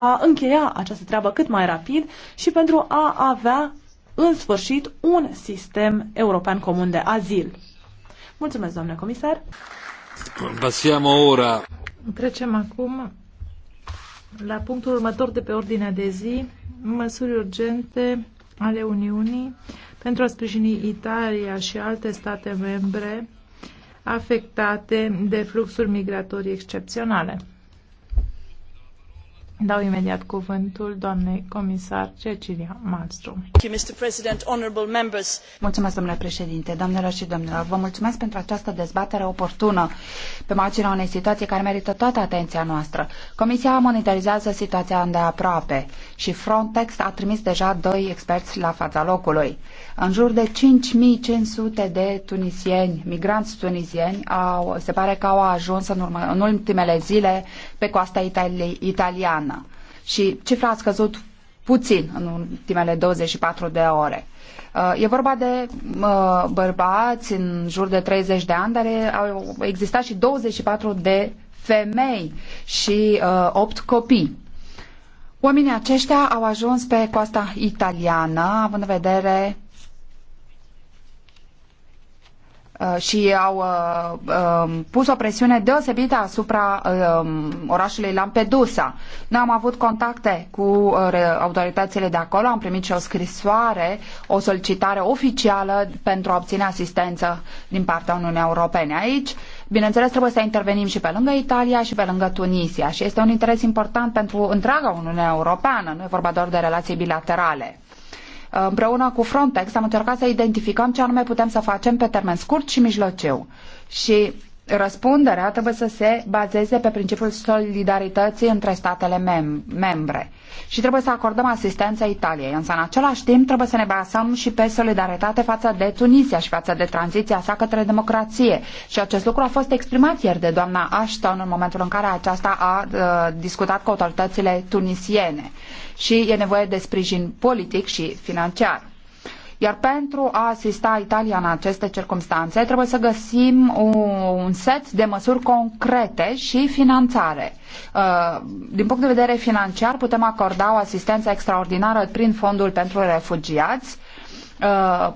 a încheia această treabă cât mai rapid și pentru a avea în sfârșit un sistem european comun de azil. Mulțumesc, doamne comisar. Pasiamo ora. Trecem acum la punctul următor de pe ordinea de zi, măsuri urgente ale Uniunii pentru a sprijini Italia și alte state membre afectate de fluxuri migratorii excepționale. Dau imediat cuvântul doamnei comisar Cecilia Malmström. Mulțumesc, domnule președinte, doamnelor și domnilor. Vă mulțumesc pentru această dezbatere oportună pe marginea unei situații care merită toată atenția noastră. Comisia monitorizează situația îndeaproape și Frontex a trimis deja doi experți la fața locului. În jur de 5500 de tunisieni, migranți tunisieni, au, se pare că au ajuns în, urmă, în ultimele zile pe coasta Itali- italiană și cifra a scăzut puțin în ultimele 24 de ore. Uh, e vorba de uh, bărbați în jur de 30 de ani, dar au existat și 24 de femei și 8 uh, copii. Oamenii aceștia au ajuns pe coasta italiană, având în vedere Uh, și au uh, um, pus o presiune deosebită asupra um, orașului Lampedusa. Noi am avut contacte cu uh, autoritățile de acolo, am primit și o scrisoare, o solicitare oficială pentru a obține asistență din partea Uniunii Europene aici. Bineînțeles, trebuie să intervenim și pe lângă Italia și pe lângă Tunisia și este un interes important pentru întreaga Uniune Europeană, nu e vorba doar de relații bilaterale împreună cu Frontex am încercat să identificăm ce anume putem să facem pe termen scurt și mijlociu. Și Răspunderea trebuie să se bazeze pe principiul solidarității între statele mem- membre și trebuie să acordăm asistență Italiei, însă în același timp trebuie să ne basăm și pe solidaritate față de Tunisia și față de tranziția sa către democrație. Și acest lucru a fost exprimat ieri de doamna Ashton în momentul în care aceasta a uh, discutat cu autoritățile tunisiene și e nevoie de sprijin politic și financiar. Iar pentru a asista Italia în aceste circunstanțe, trebuie să găsim un set de măsuri concrete și finanțare. Uh, din punct de vedere financiar, putem acorda o asistență extraordinară prin Fondul pentru Refugiați, uh,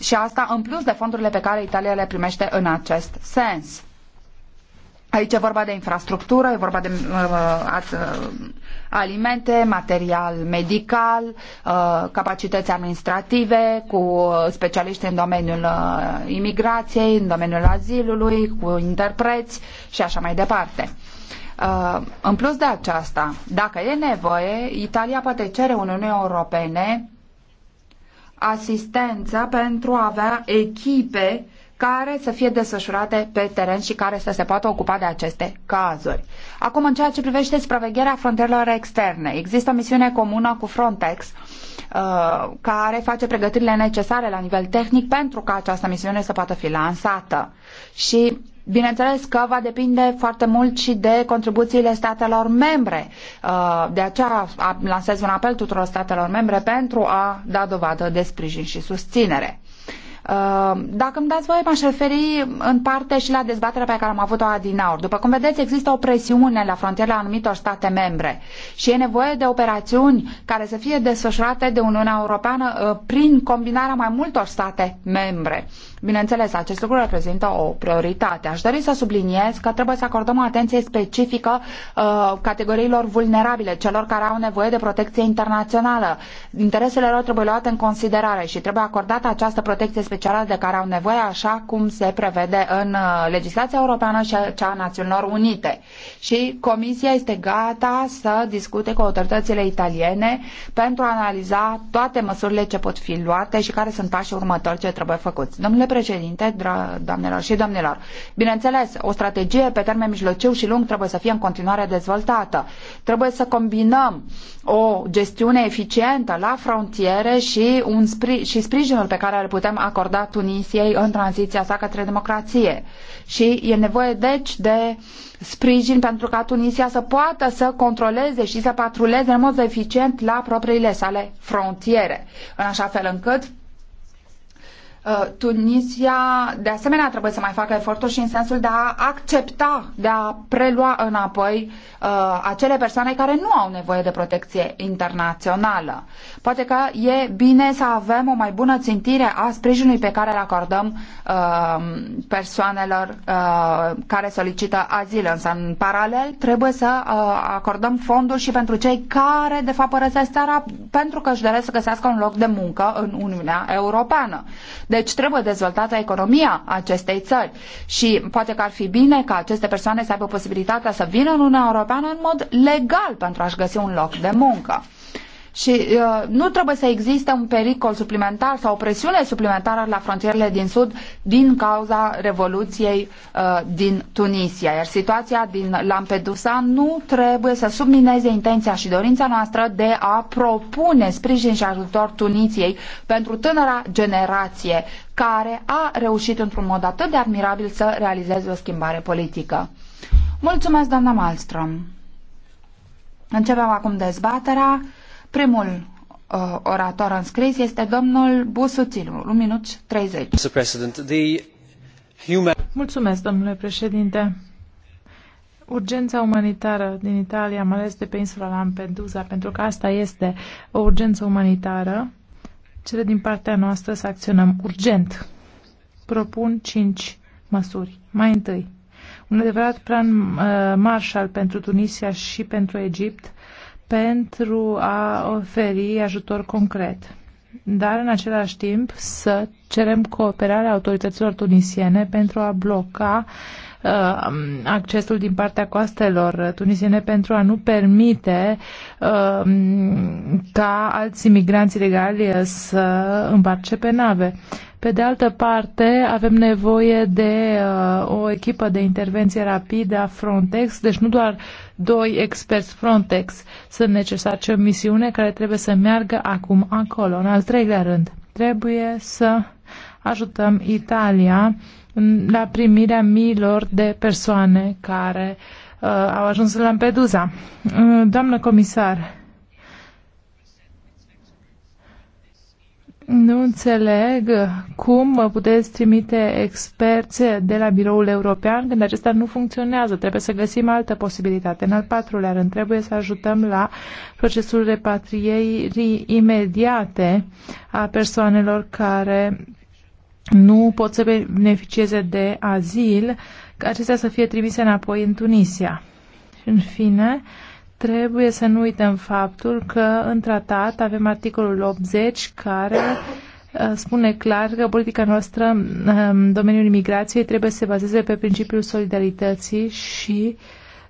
și asta în plus de fondurile pe care Italia le primește în acest sens. Aici e vorba de infrastructură, e vorba de uh, uh alimente, material medical, uh, capacități administrative, cu specialiști în domeniul uh, imigrației, în domeniul azilului, cu interpreți și așa mai departe. Uh, în plus de aceasta, dacă e nevoie, Italia poate cere Uniunii Europene asistență pentru a avea echipe care să fie desfășurate pe teren și care să se poată ocupa de aceste cazuri. Acum, în ceea ce privește supravegherea frontierelor externe, există o misiune comună cu Frontex uh, care face pregătirile necesare la nivel tehnic pentru ca această misiune să poată fi lansată. Și Bineînțeles că va depinde foarte mult și de contribuțiile statelor membre. Uh, de aceea lansez un apel tuturor statelor membre pentru a da dovadă de sprijin și susținere. Uh, dacă îmi dați voie, m-aș referi în parte și la dezbaterea pe care am avut-o adinaur. După cum vedeți, există o presiune la frontierele anumitor state membre și e nevoie de operațiuni care să fie desfășurate de Uniunea Europeană uh, prin combinarea mai multor state membre. Bineînțeles, acest lucru reprezintă o prioritate. Aș dori să subliniez că trebuie să acordăm o atenție specifică uh, categoriilor vulnerabile, celor care au nevoie de protecție internațională. Interesele lor trebuie luate în considerare și trebuie acordată această protecție specifică specială de care au nevoie, așa cum se prevede în uh, legislația europeană și cea a Națiunilor Unite. Și Comisia este gata să discute cu autoritățile italiene pentru a analiza toate măsurile ce pot fi luate și care sunt pașii următori ce trebuie făcuți. Domnule președinte, doamnelor și domnilor, bineînțeles, o strategie pe termen mijlociu și lung trebuie să fie în continuare dezvoltată. Trebuie să combinăm o gestiune eficientă la frontiere și, un spri- și sprijinul pe care îl putem acorda Tunisiei în tranziția sa către democrație. Și e nevoie, deci, de sprijin pentru ca Tunisia să poată să controleze și să patruleze în mod eficient la propriile sale frontiere, în așa fel încât Uh, Tunisia, de asemenea, trebuie să mai facă eforturi și în sensul de a accepta, de a prelua înapoi uh, acele persoane care nu au nevoie de protecție internațională. Poate că e bine să avem o mai bună țintire a sprijinului pe care îl acordăm uh, persoanelor uh, care solicită azil, însă în paralel trebuie să uh, acordăm fonduri și pentru cei care, de fapt, părăsesc țara pentru că își doresc să găsească un loc de muncă în Uniunea Europeană. Deci trebuie dezvoltată economia acestei țări și poate că ar fi bine ca aceste persoane să aibă posibilitatea să vină în Uniunea Europeană în mod legal pentru a-și găsi un loc de muncă și uh, nu trebuie să existe un pericol suplimentar sau o presiune suplimentară la frontierele din Sud din cauza Revoluției uh, din Tunisia. Iar situația din Lampedusa nu trebuie să submineze intenția și dorința noastră de a propune sprijin și ajutor Tuniției pentru tânăra generație care a reușit într-un mod atât de admirabil să realizeze o schimbare politică. Mulțumesc, doamna Malmström. Începem acum dezbaterea. Primul uh, orator înscris este domnul Busuțilu, un minut 30. Mulțumesc, domnule președinte. Urgența umanitară din Italia, mai ales de pe insula Lampedusa, pentru că asta este o urgență umanitară, cele din partea noastră să acționăm urgent. Propun cinci măsuri. Mai întâi, un adevărat plan uh, Marshall pentru Tunisia și pentru Egipt, pentru a oferi ajutor concret. Dar, în același timp, să cerem cooperarea autorităților tunisiene pentru a bloca uh, accesul din partea coastelor tunisiene pentru a nu permite uh, ca alți imigranți legali să îmbarce pe nave. Pe de altă parte, avem nevoie de uh, o echipă de intervenție rapidă a Frontex, deci nu doar doi experți Frontex sunt necesari, ci o misiune care trebuie să meargă acum acolo. În al treilea rând, trebuie să ajutăm Italia la primirea miilor de persoane care uh, au ajuns la Lampedusa. Uh, doamnă comisar, Nu înțeleg cum puteți trimite experți de la biroul european când acesta nu funcționează. Trebuie să găsim altă posibilitate. În al patrulea rând, trebuie să ajutăm la procesul repatrierii imediate a persoanelor care nu pot să beneficieze de azil, acestea să fie trimise înapoi în Tunisia. În fine, uh, trebuie să nu uităm faptul că în tratat avem articolul 80 care uh, spune clar că politica noastră în um, domeniul imigrației trebuie să se bazeze pe principiul solidarității și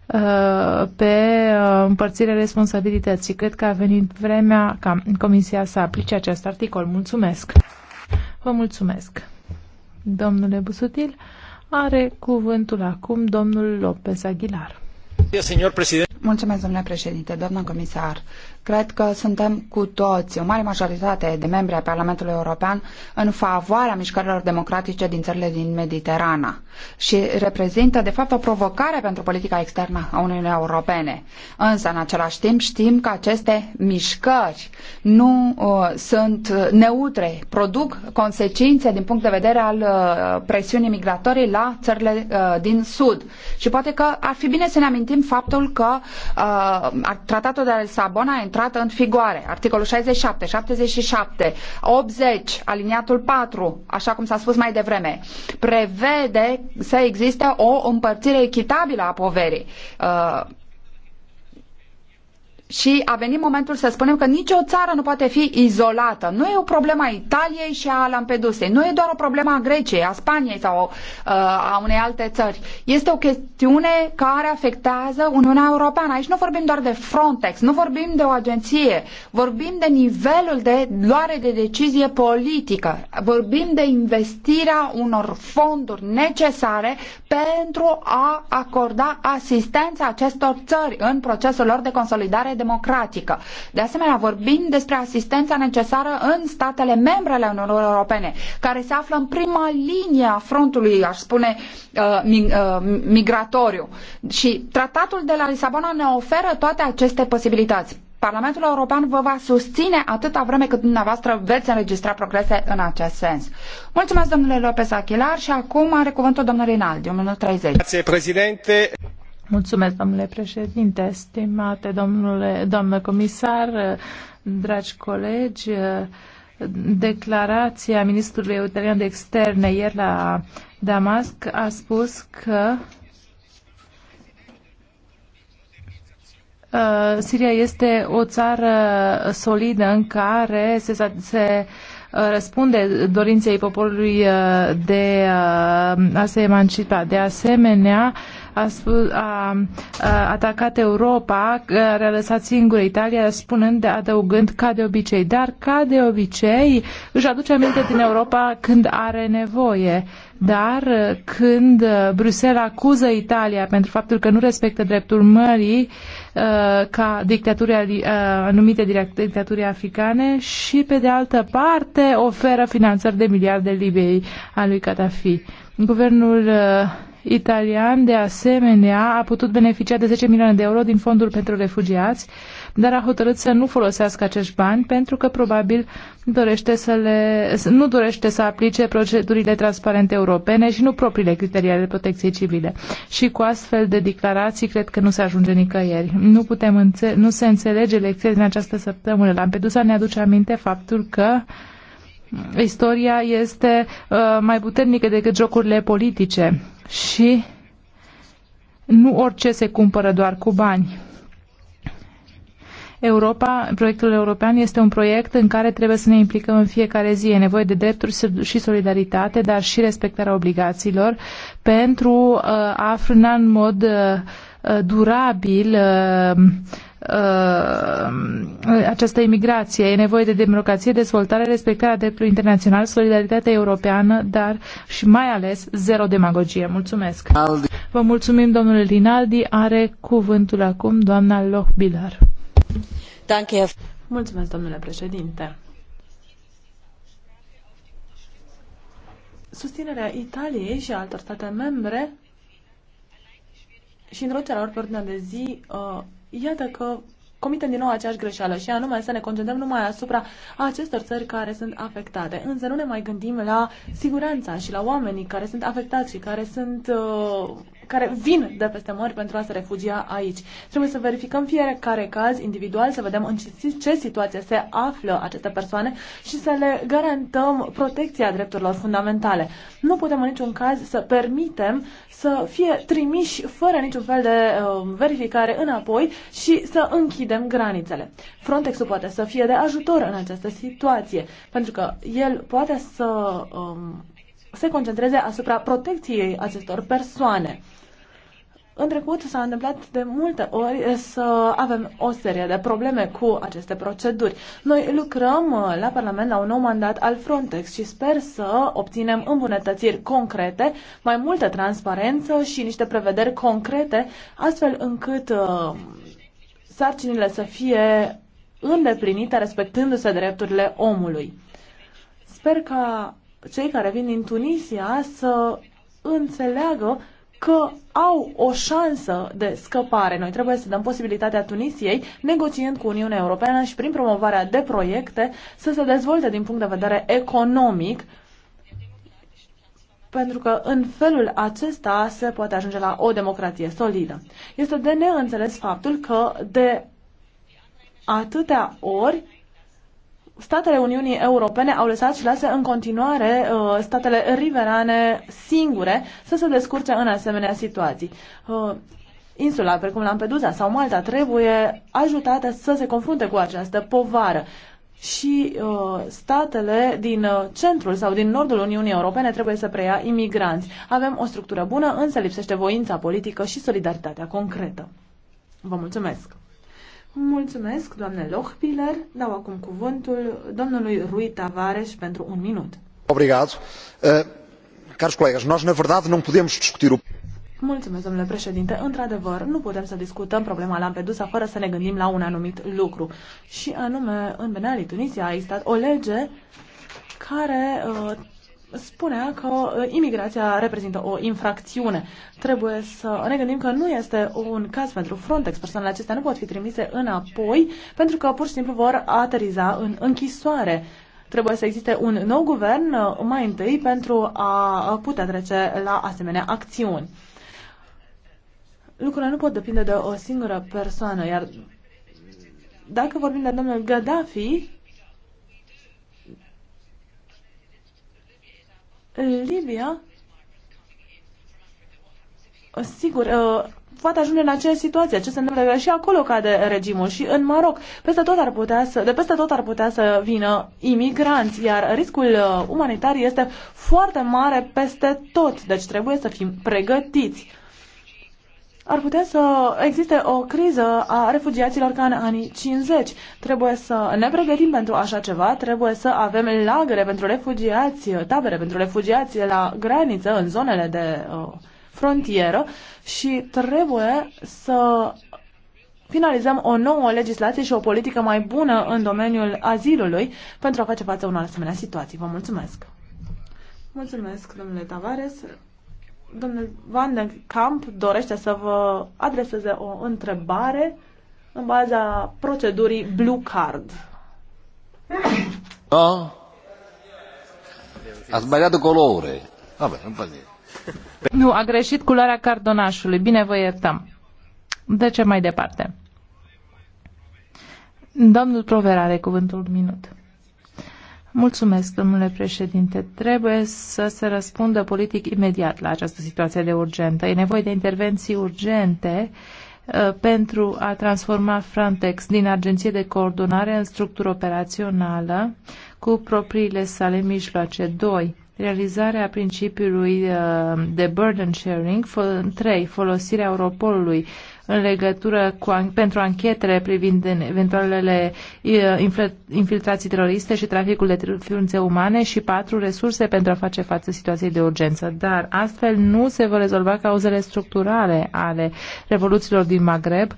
uh, pe uh, împărțirea responsabilității. Cred că a venit vremea ca Comisia să aplice acest articol. Mulțumesc! Vă mulțumesc! Domnule Busutil, are cuvântul acum domnul López Aguilar. Señor presidente. Mulțumesc, domnule președinte, doamnă comisar. Cred că suntem cu toți, o mare majoritate de membri ai Parlamentului European, în favoarea mișcărilor democratice din țările din Mediterana și reprezintă, de fapt, o provocare pentru politica externă a Uniunii Europene. Însă, în același timp, știm că aceste mișcări nu uh, sunt neutre, produc consecințe din punct de vedere al uh, presiunii migratorii la țările uh, din Sud. Și poate că ar fi bine să ne amintim faptul că uh, tratatul de Sabona. Lisabona intrată în vigoare, articolul 67, 77, 80, aliniatul 4, așa cum s-a spus mai devreme, prevede să existe o împărțire echitabilă a poverii. Uh, și a venit momentul să spunem că nicio țară nu poate fi izolată. Nu e o problemă a Italiei și a Lampedusei, nu e doar o problemă a Greciei, a Spaniei sau uh, a unei alte țări. Este o chestiune care afectează Uniunea Europeană. Aici nu vorbim doar de Frontex, nu vorbim de o agenție, vorbim de nivelul de luare de decizie politică, vorbim de investirea unor fonduri necesare pentru a acorda asistența acestor țări în procesul lor de consolidare democratică. De asemenea, vorbim despre asistența necesară în statele membre ale Uniunii Europene, care se află în prima linie a frontului, aș spune, uh, uh, migratoriu. Și tratatul de la Lisabona ne oferă toate aceste posibilități. Parlamentul European vă va susține atâta vreme cât dumneavoastră veți înregistra progrese în acest sens. Mulțumesc, domnule Lopez Achilar, și acum are cuvântul domnul Rinaldi, 1.30. Grazie, președinte. Mulțumesc, domnule președinte, stimate domnule, doamnă comisar, dragi colegi. Declarația ministrului italian de externe ieri la Damasc a spus că uh, Siria este o țară solidă în care se, se uh, răspunde dorinței poporului uh, de a se emancipa. De asemenea, a, spus, a, a atacat Europa, care a lăsat singură Italia, spunând, adăugând ca de obicei. Dar ca de obicei își aduce aminte din Europa când are nevoie. Dar când Bruxelles acuză Italia pentru faptul că nu respectă dreptul mării ca dictaturi anumite dictaturi africane și pe de altă parte oferă finanțări de miliarde Libiei a lui Gaddafi. Guvernul italian, de asemenea, a putut beneficia de 10 milioane de euro din fondul pentru refugiați, dar a hotărât să nu folosească acești bani pentru că probabil dorește să le, nu dorește să aplice procedurile transparente europene și nu propriile criterii ale protecției civile. Și cu astfel de declarații cred că nu se ajunge nicăieri. Nu, putem înțe- nu se înțelege lecția din această săptămână. Lampedusa ne aduce aminte faptul că istoria este uh, mai puternică decât jocurile politice și nu orice se cumpără doar cu bani. Europa, proiectul european este un proiect în care trebuie să ne implicăm în fiecare zi. E nevoie de drepturi și solidaritate, dar și respectarea obligațiilor pentru uh, a frâna în mod uh, uh, durabil uh, această imigrație. E nevoie de democrație, dezvoltare, respectarea dreptului internațional, solidaritatea europeană, dar și mai ales zero demagogie. Mulțumesc! Aldi. Vă mulțumim, domnule Rinaldi. Are cuvântul acum doamna Lohbilar. Mulțumesc, domnule președinte. Susținerea Italiei și altor state membre și introducerea lor pe ordinea de zi uh, iată că comitem din nou aceeași greșeală și anume să ne concentrăm numai asupra acestor țări care sunt afectate. Însă nu ne mai gândim la siguranța și la oamenii care sunt afectați și care sunt uh, care vin de peste mări pentru a se refugia aici. Trebuie să verificăm fiecare caz individual, să vedem în ce situație se află aceste persoane și să le garantăm protecția drepturilor fundamentale. Nu putem în niciun caz să permitem să fie trimiși fără niciun fel de uh, verificare înapoi și să închidem granițele. Frontexul poate să fie de ajutor în această situație, pentru că el poate să um, se concentreze asupra protecției acestor persoane. În trecut s-a întâmplat de multe ori să avem o serie de probleme cu aceste proceduri. Noi lucrăm uh, la Parlament la un nou mandat al Frontex și sper să obținem îmbunătățiri concrete, mai multă transparență și niște prevederi concrete, astfel încât uh, sarcinile să fie îndeplinite respectându-se drepturile omului. Sper ca cei care vin din Tunisia să înțeleagă că au o șansă de scăpare. Noi trebuie să dăm posibilitatea Tunisiei, negociând cu Uniunea Europeană și prin promovarea de proiecte, să se dezvolte din punct de vedere economic, pentru că în felul acesta se poate ajunge la o democrație solidă. Este de neînțeles faptul că de atâtea ori statele Uniunii Europene au lăsat și lasă în continuare uh, statele riverane singure să se descurce în asemenea situații. Uh, insula, precum Lampedusa sau Malta, trebuie ajutată să se confrunte cu această povară. Și uh, statele din uh, centrul sau din nordul Uniunii Europene trebuie să preia imigranți. Avem o structură bună, însă lipsește voința politică și solidaritatea concretă. Vă mulțumesc! Mulțumesc, doamne Lochpiller. Dau acum cuvântul domnului Rui Tavares pentru un minut. Obrigado. Uh, caros colegas, nós na verdade não podemos discutir o Mulțumesc, domnule președinte. Într-adevăr, nu putem să discutăm problema Lampedusa fără să ne gândim la un anumit lucru. Și anume, în Benali, Tunisia, a existat o lege care uh, spunea că uh, imigrația reprezintă o infracțiune. Trebuie să ne gândim că nu este un caz pentru Frontex. Persoanele acestea nu pot fi trimise înapoi pentru că pur și simplu vor ateriza în închisoare. Trebuie să existe un nou guvern uh, mai întâi pentru a putea trece la asemenea acțiuni. Lucrurile nu pot depinde de o singură persoană, iar dacă vorbim de domnul Gaddafi, Libia, sigur, uh, poate ajunge în aceeași situație. Ce se întâmplă? Și acolo cade regimul și în Maroc. Peste tot ar putea să, de peste tot ar putea să vină imigranți, iar riscul uh, umanitar este foarte mare peste tot. Deci trebuie să fim pregătiți ar putea să existe o criză a refugiaților ca în anii 50. Trebuie să ne pregătim pentru așa ceva, trebuie să avem lagăre pentru refugiați, tabere pentru refugiați la graniță, în zonele de uh, frontieră și trebuie să finalizăm o nouă legislație și o politică mai bună în domeniul azilului pentru a face față unor asemenea situații. Vă mulțumesc! Mulțumesc, domnule Tavares. Domnul Van den Kamp dorește să vă adreseze o întrebare în baza procedurii Blue Card. Ah? A băiat de Vabbè, Nu, a greșit culoarea cardonașului. Bine, vă iertăm. De ce mai departe? Domnul Provera are cuvântul minut. Mulțumesc, domnule președinte. Trebuie să se răspundă politic imediat la această situație de urgentă. E nevoie de intervenții urgente uh, pentru a transforma Frontex din agenție de coordonare în structură operațională cu propriile sale mijloace. 2. Realizarea principiului uh, de burden sharing. 3. Folosirea Europolului în legătură cu, pentru anchetele privind eventualele infiltrații teroriste și traficul de ființe umane și patru resurse pentru a face față situației de urgență. Dar astfel nu se vor rezolva cauzele structurale ale revoluțiilor din Maghreb,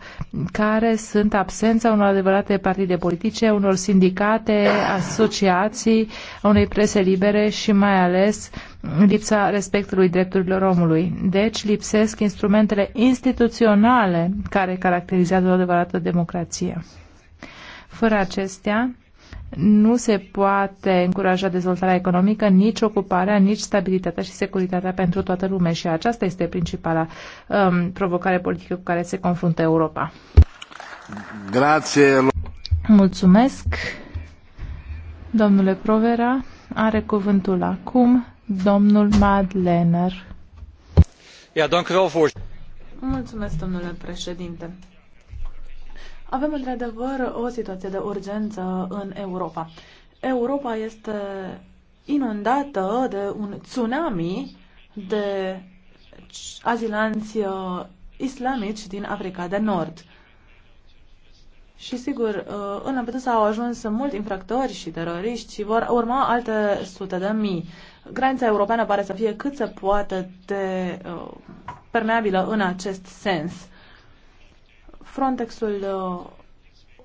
care sunt absența unor adevărate partide politice, unor sindicate, asociații, unei prese libere și mai ales lipsa respectului drepturilor omului. Deci lipsesc instrumentele instituționale care caracterizează o adevărată democrație. Fără acestea, nu se poate încuraja dezvoltarea economică, nici ocuparea, nici stabilitatea și securitatea pentru toată lumea și aceasta este principala um, provocare politică cu care se confruntă Europa. Grație. Mulțumesc. Domnule Provera, are cuvântul acum Domnul Mulțumesc, domnule președinte. Avem într-adevăr o situație de urgență în Europa. Europa este inundată de un tsunami de azilanți uh, islamici din Africa de Nord. Și sigur, uh, în Lampedusa au ajuns mult infractori și teroriști și vor urma alte sute de mii. Granița europeană pare să fie cât se poate de uh, permeabilă în acest sens. Frontexul uh,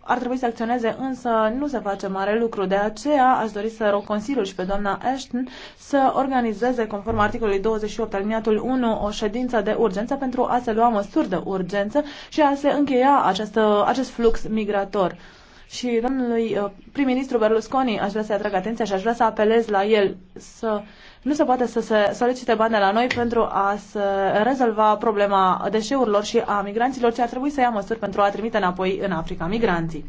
ar trebui să acționeze, însă nu se face mare lucru. De aceea aș dori să rog Consiliul și pe doamna Ashton să organizeze, conform articolului 28 aliniatul 1, o ședință de urgență pentru a se lua măsuri de urgență și a se încheia această, acest flux migrator. Și domnului uh, prim-ministru Berlusconi aș vrea să atrag atenția și aș vrea să apelez la el să nu se poate să se solicite bani de la noi pentru a se rezolva problema deșeurilor și a migranților, ce ar trebui să ia măsuri pentru a trimite înapoi în Africa migranții.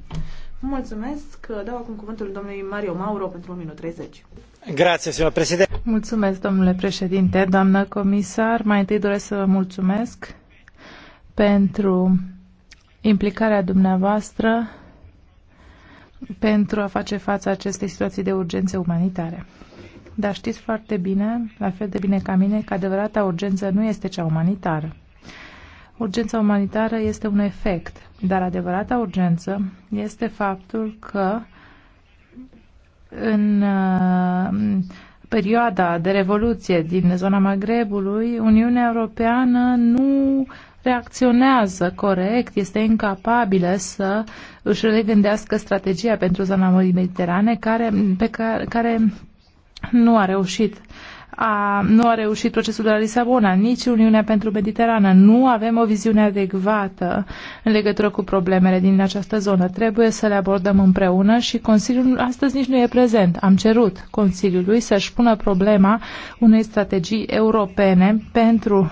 Mulțumesc. Dau acum cuvântul domnului Mario Mauro pentru 1 minut 30. Grazie, președinte. Mulțumesc, domnule președinte, doamnă comisar. Mai întâi doresc să vă mulțumesc pentru implicarea dumneavoastră pentru a face față acestei situații de urgențe umanitare dar știți foarte bine, la fel de bine ca mine, că adevărata urgență nu este cea umanitară. Urgența umanitară este un efect, dar adevărata urgență este faptul că în uh, perioada de revoluție din zona Magrebului, Uniunea Europeană nu reacționează corect, este incapabilă să își regândească strategia pentru zona Mării Mediterane, care, pe care, care nu a reușit. A, nu a reușit procesul de la Lisabona, nici Uniunea pentru Mediterană. Nu avem o viziune adecvată în legătură cu problemele din această zonă. Trebuie să le abordăm împreună și Consiliul astăzi nici nu e prezent. Am cerut Consiliului să-și pună problema unei strategii europene pentru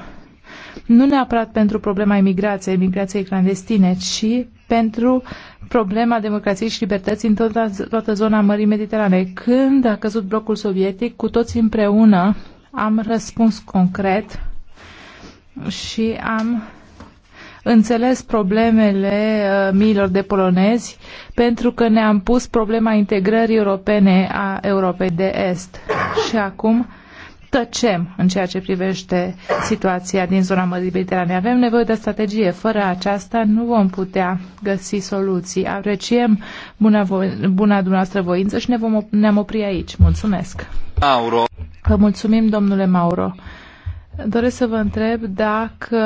nu neapărat pentru problema imigrației, imigrației clandestine, ci pentru problema democrației și libertății în toată, toată zona Mării Mediterane. Când a căzut blocul sovietic, cu toți împreună am răspuns concret și am înțeles problemele uh, miilor de polonezi pentru că ne-am pus problema integrării europene a Europei de Est. Și acum tăcem în ceea ce privește situația din zona Mării Mediterane. Avem nevoie de strategie. Fără aceasta nu vom putea găsi soluții. Apreciem buna, vo- buna dumneavoastră voință și ne vom, ne-am opri aici. Mulțumesc. Mauro. Vă mulțumim, domnule Mauro. Doresc să vă întreb dacă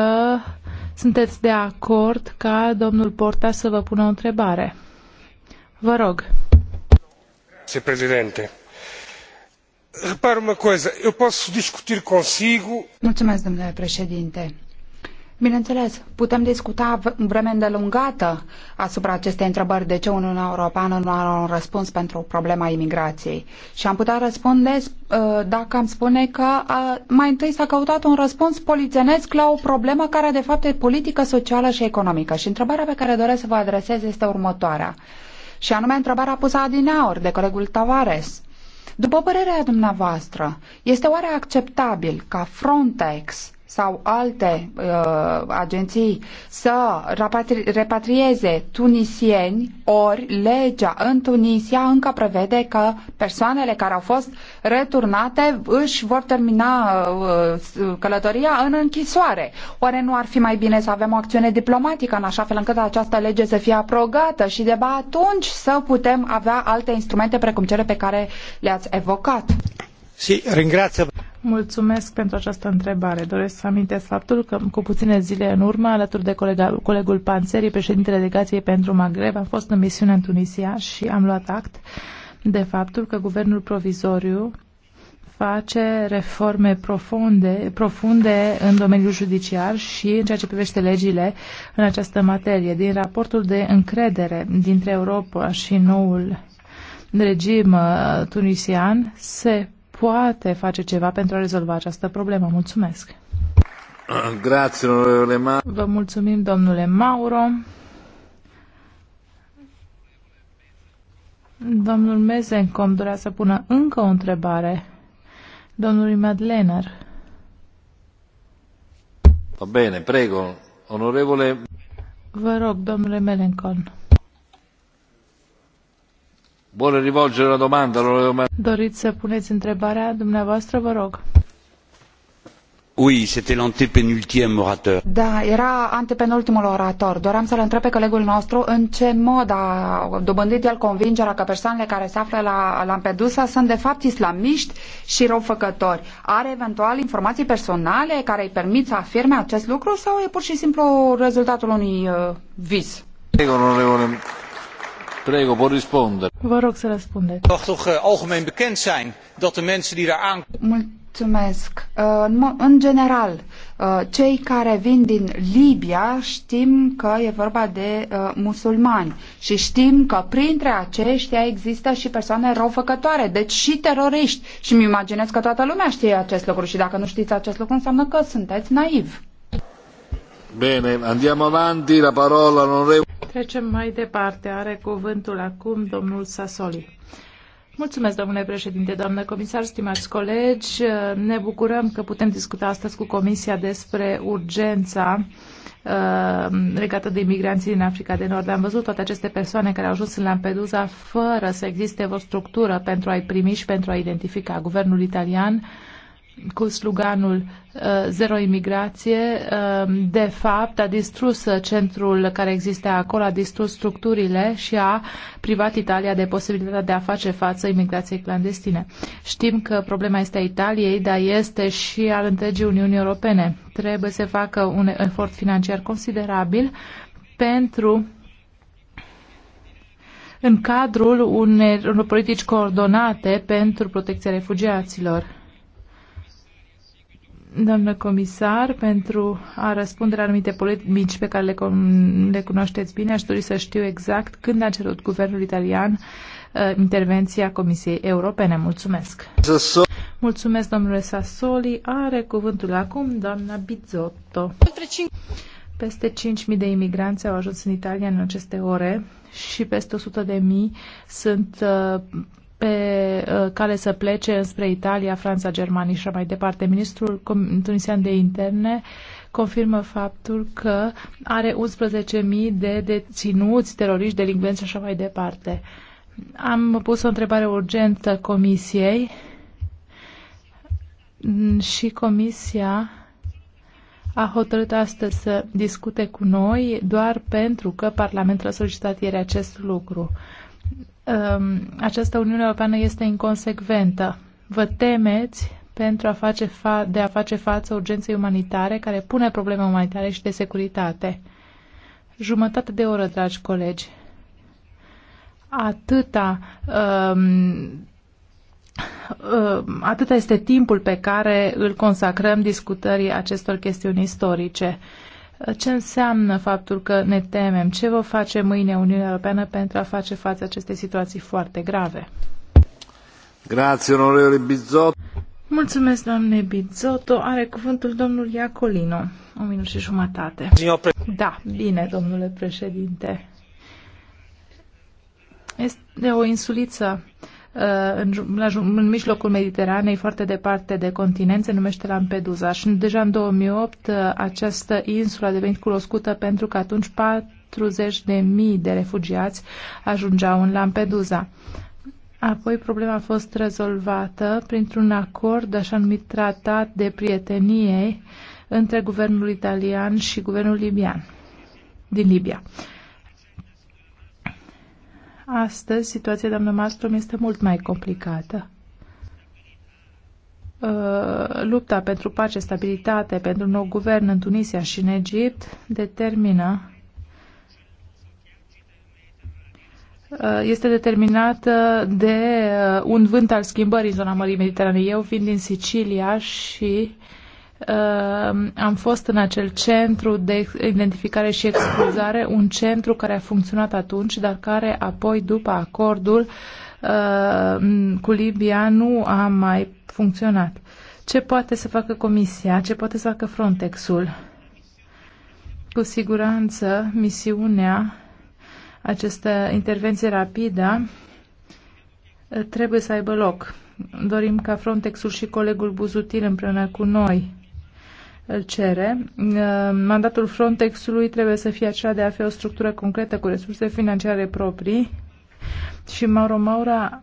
sunteți de acord ca domnul Porta să vă pună o întrebare. Vă rog. Se Președinte Repare uma coisa, eu posso discutir consigo. Mulțumesc, domnule președinte. Bineînțeles, putem discuta în vreme îndelungată asupra acestei întrebări de ce Uniunea Europeană nu are un răspuns pentru problema imigrației. Și am putea răspunde ă, dacă am spune că ă, mai întâi s-a căutat un răspuns polițenesc la o problemă care de fapt e politică, socială și economică. Și întrebarea pe care doresc să vă adresez este următoarea. Și anume întrebarea pusă adineaori de colegul Tavares. După părerea dumneavoastră, este oare acceptabil ca Frontex sau alte uh, agenții să repatri- repatrieze tunisieni, ori legea în Tunisia încă prevede că persoanele care au fost returnate își vor termina uh, călătoria în închisoare. Oare nu ar fi mai bine să avem o acțiune diplomatică în așa fel încât această lege să fie aprobată și de ba atunci să putem avea alte instrumente precum cele pe care le-ați evocat? Sí, ringrazio. Mulțumesc pentru această întrebare. Doresc să amintesc faptul că cu puține zile în urmă, alături de colega, colegul Panțeri, președintele delegației pentru Maghreb, am fost în misiune în Tunisia și am luat act de faptul că guvernul provizoriu face reforme profunde, profunde în domeniul judiciar și în ceea ce privește legile în această materie. Din raportul de încredere dintre Europa și noul regim uh, tunisian se poate face ceva pentru a rezolva această problemă. Mulțumesc! Grazie, Vă mulțumim, domnule Mauro. Domnul Mezencom dorea să pună încă o întrebare domnului Madlener. Va bene, prego, onorevole. Vă rog, domnule Melencon rivolgere la domanda, Doriți să puneți întrebarea dumneavoastră, vă rog. Oui, c'était orateur. Da, era antepenultimul orator. Doream să-l întreb pe colegul nostru în ce mod a dobândit el convingerea că persoanele care se află la Lampedusa sunt de fapt islamiști și răufăcători. Are eventual informații personale care îi permit să afirme acest lucru sau e pur și simplu rezultatul unui uh, vis? Onorevole Prego, vor răspunde. Vă rog să răspundeți. Mag toch eh, algemeen bekend zijn dat de mensen die daar aan... Mulțumesc. Eh, în general, eh, cei care vin din Libia știm că e vorba de musulmani și știm că printre aceștia există și persoane răufăcătoare, deci și teroriști. Și îmi imaginez că toată lumea știe acest lucru și dacă nu știți acest lucru înseamnă că sunteți naivi. Bine, andiamo avanti, la parola onorevole. Trecem mai departe. Are cuvântul acum domnul Sasoli. Mulțumesc, domnule președinte, doamnă comisar, stimați colegi. Ne bucurăm că putem discuta astăzi cu Comisia despre urgența uh, legată de imigranții din Africa de Nord. Am văzut toate aceste persoane care au ajuns în Lampedusa fără să existe o structură pentru a-i primi și pentru a identifica. Guvernul italian cu sluganul uh, Zero imigrație, um, de fapt a distrus uh, centrul care există acolo, a distrus structurile și a privat Italia de posibilitatea de a face față imigrației clandestine. Știm că problema este a Italiei, dar este și al întregii Uniunii Europene. Trebuie să facă un efort financiar considerabil pentru în cadrul unei, unor politici coordonate pentru protecția refugiaților doamnă comisar, pentru a răspunde la anumite politici pe care le, le cunoașteți bine. Aș dori să știu exact când a cerut guvernul italian uh, intervenția Comisiei Europene. Mulțumesc! Mulțumesc, domnule Sassoli. Are cuvântul acum doamna Bizotto. Peste 5.000 de imigranți au ajuns în Italia în aceste ore și peste 100.000 sunt uh, pe uh, care să plece spre Italia, Franța, Germania și mai departe. Ministrul tunisian de interne confirmă faptul că are 11.000 de deținuți, teroriști, delinvenți și așa mai departe. Am pus o întrebare urgentă comisiei și comisia a hotărât astăzi să discute cu noi doar pentru că Parlamentul a solicitat ieri acest lucru. Um, această Uniune Europeană este inconsecventă. Vă temeți pentru a face fa- de a face față urgenței umanitare care pune probleme umanitare și de securitate. Jumătate de oră, dragi colegi. Atâta, um, um, atâta este timpul pe care îl consacrăm discutării acestor chestiuni istorice. Uh, ce înseamnă faptul că ne temem? Ce vă face mâine Uniunea Europeană pentru a face față acestei situații foarte grave? Grazie, onorevole Bizzotto. Mulțumesc, doamne Bizotto. Are cuvântul domnul Iacolino. O minut și jumătate. Da, bine, domnule președinte. Este o insuliță Uh, în, la, în mijlocul Mediteranei, foarte departe de continent, se numește Lampedusa. Și deja în 2008 uh, această insulă a devenit cunoscută pentru că atunci 40.000 de, de refugiați ajungeau în Lampedusa. Apoi problema a fost rezolvată printr-un acord, așa numit tratat de prietenie, între guvernul italian și guvernul libian din Libia. Astăzi, situația doamnă Mastrom este mult mai complicată. Uh, lupta pentru pace, stabilitate, pentru un nou guvern în Tunisia și în Egipt determină uh, este determinată de uh, un vânt al schimbării în zona Mării Mediterane. Eu vin din Sicilia și uh, Ehm, am fost în acel centru de identificare și expulzare, un centru care a funcționat atunci, dar care apoi, după acordul ehm, cu Libia, nu a mai funcționat. Ce poate să facă Comisia? Ce poate să facă Frontexul? Cu siguranță, misiunea, această intervenție rapidă, trebuie să aibă loc. Dorim ca Frontexul și colegul Buzutil împreună cu noi îl cere. Ă, mandatul Frontexului trebuie să fie acela de a fi o structură concretă cu resurse financiare proprii și Mauro Maura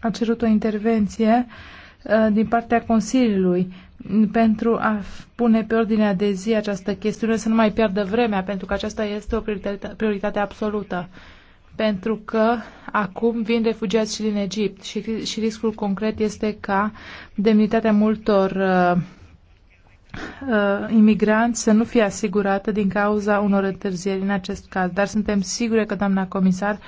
a cerut o intervenție ă, din partea Consiliului pentru a pune pe ordinea de zi această chestiune, să nu mai pierdă vremea, pentru că aceasta este o prioritate, prioritate absolută. Pentru că acum vin refugiați și din Egipt și, și riscul concret este ca demnitatea multor uh, Uh, imigranți să nu fie asigurată din cauza unor întârzieri în acest caz. Dar suntem siguri că doamna comisar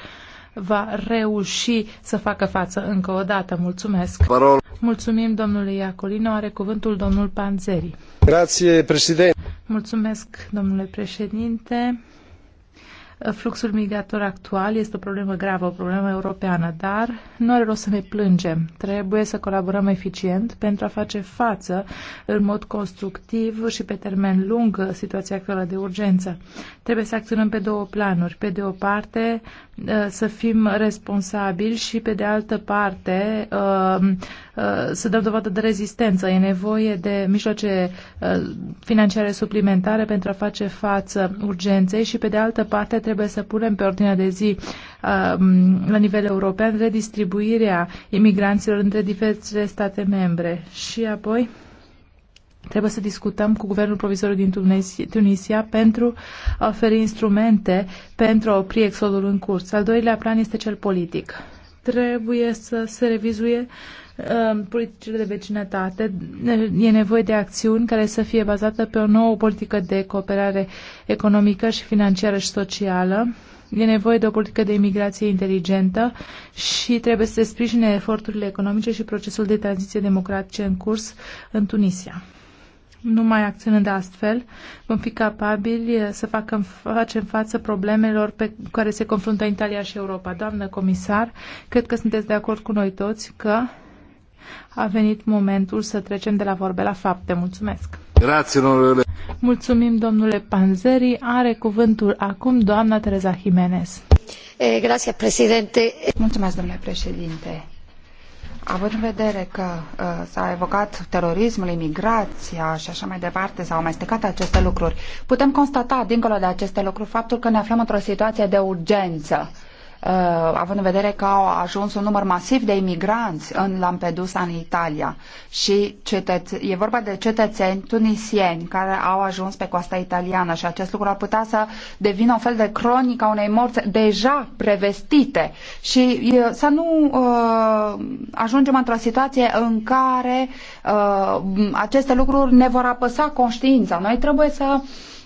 va reuși să facă față încă o dată. Mulțumesc! Parol. Mulțumim domnului Iacolino. Are cuvântul domnul Panzeri. Grație, președinte! Mulțumesc, domnule președinte! Fluxul migrator actual este o problemă gravă, o problemă europeană, dar nu are rost să ne plângem. Trebuie să colaborăm eficient pentru a face față în mod constructiv și pe termen lung situația actuală de urgență. Trebuie să acționăm pe două planuri. Pe de o parte, uh, să fim responsabili și pe de altă parte uh, uh, să dăm dovadă de rezistență. E nevoie de mijloace financiare suplimentare pentru a face față urgenței și pe de altă parte trebuie să punem pe ordinea de zi um, la nivel european redistribuirea imigranților între diferite state membre și apoi Trebuie să discutăm cu guvernul provizoriu din Tunisia pentru a oferi instrumente pentru a opri exodul în curs. Al doilea plan este cel politic. Trebuie să se revizuie Um, politicile de vecinătate. E nevoie de acțiuni care să fie bazată pe o nouă politică de cooperare economică și financiară și socială. E nevoie de o politică de imigrație inteligentă și trebuie să se sprijine eforturile economice și procesul de tranziție democratice în curs în Tunisia. Numai acționând astfel, vom fi capabili uh, să facem, facem față problemelor pe care se confruntă Italia și Europa. Doamnă comisar, cred că sunteți de acord cu noi toți că a venit momentul să trecem de la vorbe la fapte. Mulțumesc! Grazie, domnule. Mulțumim, domnule Panzeri. Are cuvântul acum doamna Teresa Jimenez. E, eh, grazie, președinte. Mulțumesc, domnule președinte. Având în vedere că uh, s-a evocat terorismul, imigrația și așa mai departe, s-au amestecat aceste lucruri, putem constata, dincolo de aceste lucruri, faptul că ne aflăm într-o situație de urgență. Uh, Uh, având în vedere că au ajuns un număr masiv de imigranți în Lampedusa, în Italia. Și cetăț- e vorba de cetățeni tunisieni care au ajuns pe coasta italiană și acest lucru ar putea să devină un fel de cronică a unei morți deja prevestite și să nu uh, ajungem într-o situație în care uh, aceste lucruri ne vor apăsa conștiința. Noi trebuie să uh,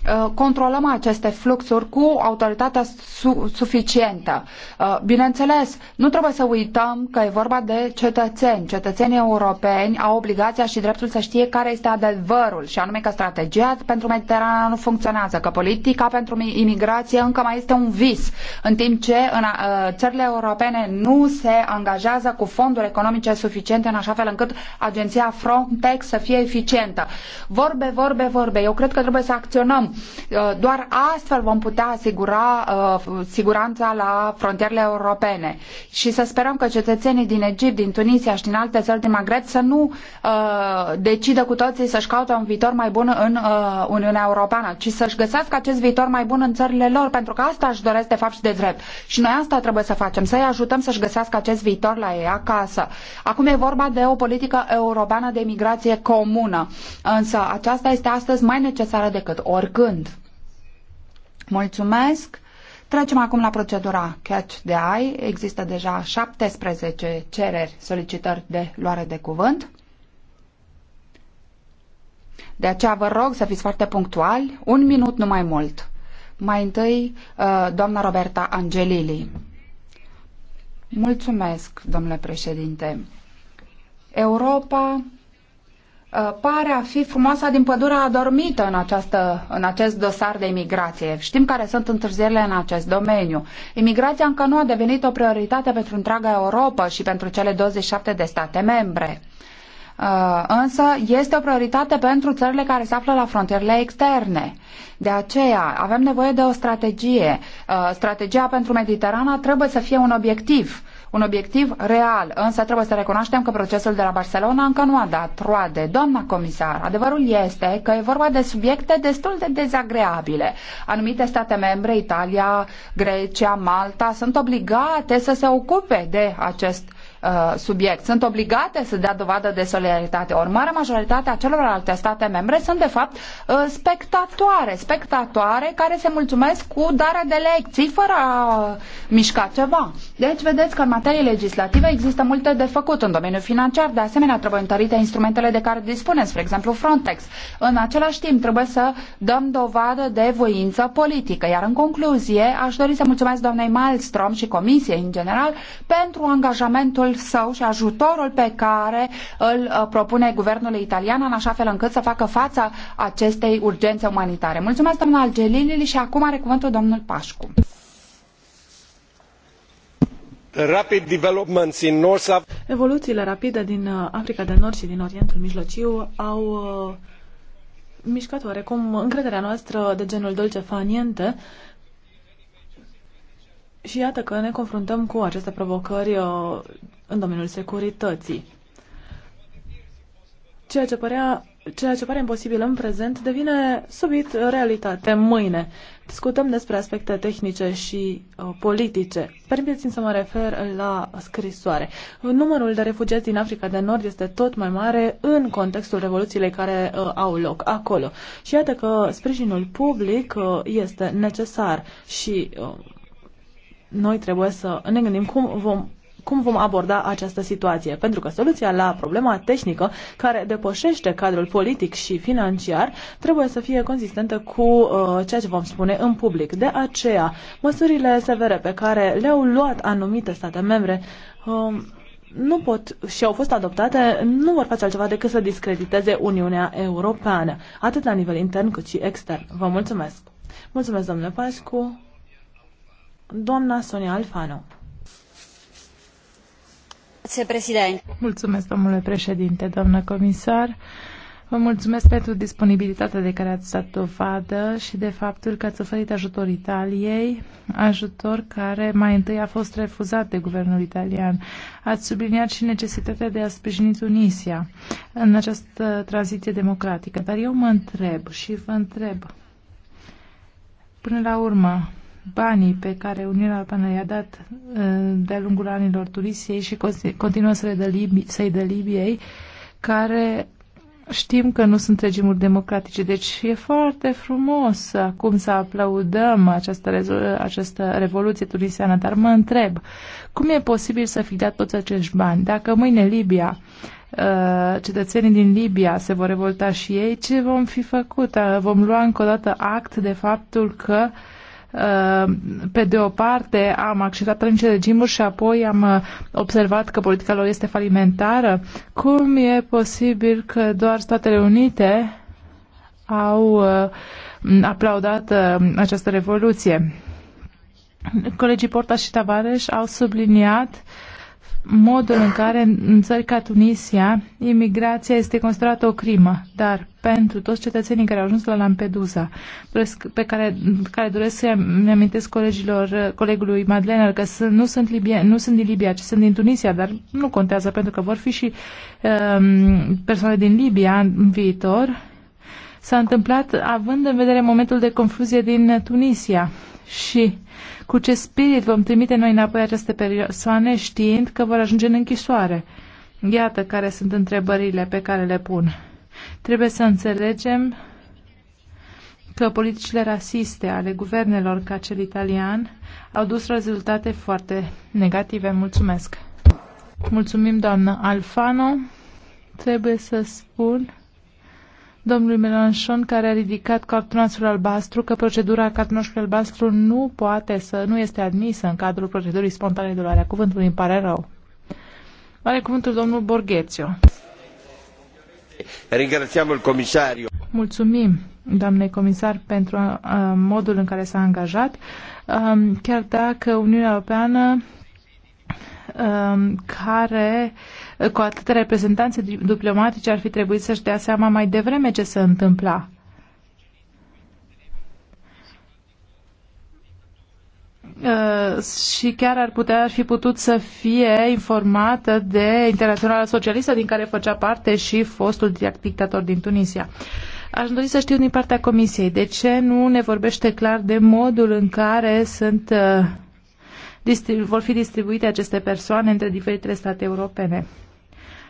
Uh, controlăm aceste fluxuri cu autoritatea su suficientă. Uh, bineînțeles, nu trebuie să uităm că e vorba de cetățeni. Cetățenii europeni au obligația și dreptul să știe care este adevărul și anume că strategia pentru Mediterana nu funcționează, că politica pentru imigrație încă mai este un vis, în timp ce în uh, țările europene nu se angajează cu fonduri economice suficiente în așa fel încât agenția Frontex să fie eficientă. Vorbe, vorbe, vorbe. Eu cred că trebuie să acționăm Uh, doar astfel vom putea asigura uh, siguranța la frontierele europene. Și să sperăm că cetățenii din Egipt, din Tunisia și din alte țări din Maghreb să nu uh, decidă cu toții să-și caute un viitor mai bun în Uniunea Europeană, ci să-și găsească acest viitor mai bun în țările lor, pentru că asta își doresc de fapt și de drept. Și noi asta trebuie să facem, să-i ajutăm să-și găsească acest viitor la ei acasă. Acum e vorba de o politică europeană de migrație comună, însă aceasta este astăzi mai necesară decât oricând gând. Mulțumesc! Trecem acum la procedura Catch the Eye. Există deja 17 cereri, solicitări de luare de cuvânt. De aceea vă rog să fiți foarte punctuali, un minut, nu mai mult. Mai întâi, uh, doamna Roberta Angelili. Mulțumesc, domnule președinte. Europa Uh, pare a fi frumoasa din pădurea adormită în, această, în acest dosar de imigrație. Știm care sunt întârzierile în acest domeniu. Imigrația încă nu a devenit o prioritate pentru întreaga Europa și pentru cele 27 de state membre. Uh, însă este o prioritate pentru țările care se află la frontierele externe. De aceea avem nevoie de o strategie. Uh, strategia pentru Mediterana trebuie să fie un obiectiv un obiectiv real, însă trebuie să recunoaștem că procesul de la Barcelona încă nu a dat roade. Doamna comisar, adevărul este că e vorba de subiecte destul de dezagreabile. Anumite state membre, Italia, Grecia, Malta, sunt obligate să se ocupe de acest Uh, subiect sunt obligate să dea dovadă de solidaritate. Ori marea majoritate a celorlalte state membre sunt, de fapt, uh, spectatoare, spectatoare care se mulțumesc cu darea de lecții fără a uh, mișca ceva. Deci, vedeți că în materie legislativă există multe de făcut în domeniul financiar, de asemenea trebuie întărite instrumentele de care dispunem, spre exemplu Frontex. În același timp, trebuie să dăm dovadă de voință politică. Iar în concluzie, aș dori să mulțumesc doamnei Malmström și Comisiei în general pentru angajamentul sprijinul său și ajutorul pe care îl uh, propune guvernul italian, în așa fel încât să facă fața acestei urgențe umanitare. Mulțumesc, domnul Algelilili, și acum are cuvântul domnul Pașcu. Rapid developments in North... Evoluțiile rapide din uh, Africa de Nord și din Orientul Mijlociu au uh, mișcat oarecum încrederea noastră de genul dolce faniente și iată că ne confruntăm cu aceste provocări în domeniul securității. Ceea ce, părea, ceea ce pare imposibil în prezent devine subit realitate mâine. Discutăm despre aspecte tehnice și uh, politice. Permiteți-mi să mă refer la scrisoare. Numărul de refugiați din Africa de Nord este tot mai mare în contextul revoluțiilor care uh, au loc acolo. Și iată că sprijinul public uh, este necesar și uh, noi trebuie să ne gândim cum vom cum vom aborda această situație, pentru că soluția la problema tehnică care depășește cadrul politic și financiar trebuie să fie consistentă cu uh, ceea ce vom spune în public. De aceea, măsurile severe pe care le-au luat anumite state membre uh, nu pot și au fost adoptate, nu vor face altceva decât să discrediteze Uniunea Europeană, atât la nivel intern cât și extern. Vă mulțumesc! Mulțumesc, domnule Pascu! Doamna Sonia Alfano. Mulțumesc, domnule președinte, doamnă comisar. Vă mulțumesc pentru disponibilitatea de care ați dat dovadă și de faptul că ați oferit ajutor Italiei, ajutor care mai întâi a fost refuzat de guvernul italian. Ați subliniat și necesitatea de a sprijini Tunisia în această tranziție democratică. Dar eu mă întreb și vă întreb, până la urmă, banii pe care Uniunea Europeană i-a dat uh, de-a lungul anilor turistiei și continuă să-i dă, Libi- să dă Libiei, care știm că nu sunt regimuri democratice. Deci e foarte frumos acum să aplaudăm această, această revoluție turistiană, dar mă întreb, cum e posibil să fi dat toți acești bani? Dacă mâine Libia uh, cetățenii din Libia se vor revolta și ei, ce vom fi făcut? Uh, vom lua încă o dată act de faptul că uh, Uh, pe de o parte am acceptat anumite regimuri și apoi am uh, observat că politica lor este falimentară. Cum e posibil că doar Statele Unite au uh, aplaudat această revoluție? Colegii Porta și Tavares au subliniat modul în care în țări ca Tunisia imigrația este considerată o crimă, dar pentru toți cetățenii care au ajuns la Lampedusa, pe care, care doresc să-mi amintesc colegilor, colegului Madlen, că sunt, nu, sunt Libia, nu sunt din Libia, ci sunt din Tunisia, dar nu contează pentru că vor fi și um, persoane din Libia în viitor, s-a întâmplat având în vedere momentul de confuzie din Tunisia și cu ce spirit vom trimite noi înapoi aceste persoane știind că vor ajunge în închisoare. Iată care sunt întrebările pe care le pun. Trebuie să înțelegem că politicile rasiste ale guvernelor ca cel italian au dus rezultate foarte negative. Mulțumesc! Mulțumim, doamnă Alfano. Trebuie să spun domnului Melanchon, care a ridicat cartonașul albastru, că procedura cartonașului albastru nu poate să, nu este admisă în cadrul procedurii spontane de luare a cuvântului. Îmi pare rău. Are cuvântul domnul Borghețiu. Ringrațiam il comisario. Mulțumim, doamne comisar, pentru uh, modul în care s-a angajat. Um, chiar dacă Uniunea Europeană um, care cu atâtea reprezentanțe diplomatice ar fi trebuit să-și dea seama mai devreme ce se întâmpla. Uh, și chiar ar putea, ar fi putut să fie informată de Internaționala Socialistă din care făcea parte și fostul dictator din Tunisia. Aș dori să știu din partea Comisiei de ce nu ne vorbește clar de modul în care sunt, uh, vor fi distribuite aceste persoane între diferitele state europene.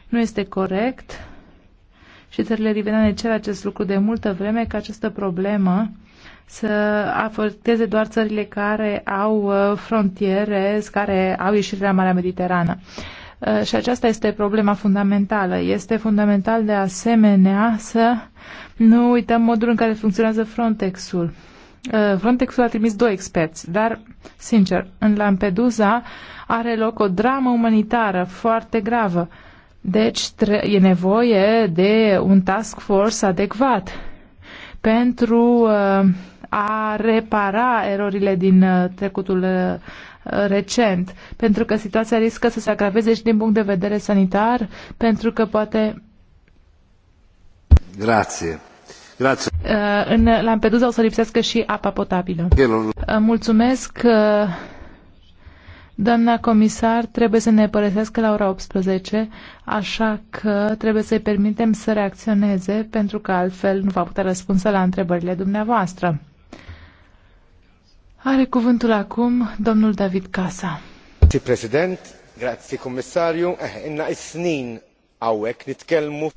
Nu este corect și țările riverane cer acest lucru de multă vreme că această problemă să afecteze doar țările care au uh, frontiere, care au ieșire la Marea Mediterană. Uh, și aceasta este problema fundamentală. Este fundamental de asemenea să nu uităm modul în care funcționează Frontexul. Uh, Frontexul a trimis doi experți, dar, sincer, în Lampedusa are loc o dramă umanitară foarte gravă. Deci e nevoie de un task force adecvat pentru uh, a repara erorile din uh, trecutul uh, recent, pentru că situația riscă să se agraveze și din punct de vedere sanitar, pentru că poate. Grație. Grazie. În Lampedusa o să lipsească și apa potabilă. Mulțumesc. Doamna comisar trebuie să ne părăsesc la ora 18, așa că trebuie să-i permitem să reacționeze, pentru că altfel nu va putea răspunsă la întrebările dumneavoastră. Are cuvântul acum domnul David Casa. Grazie, President. Grazie, Commissariu. Inna eh, snin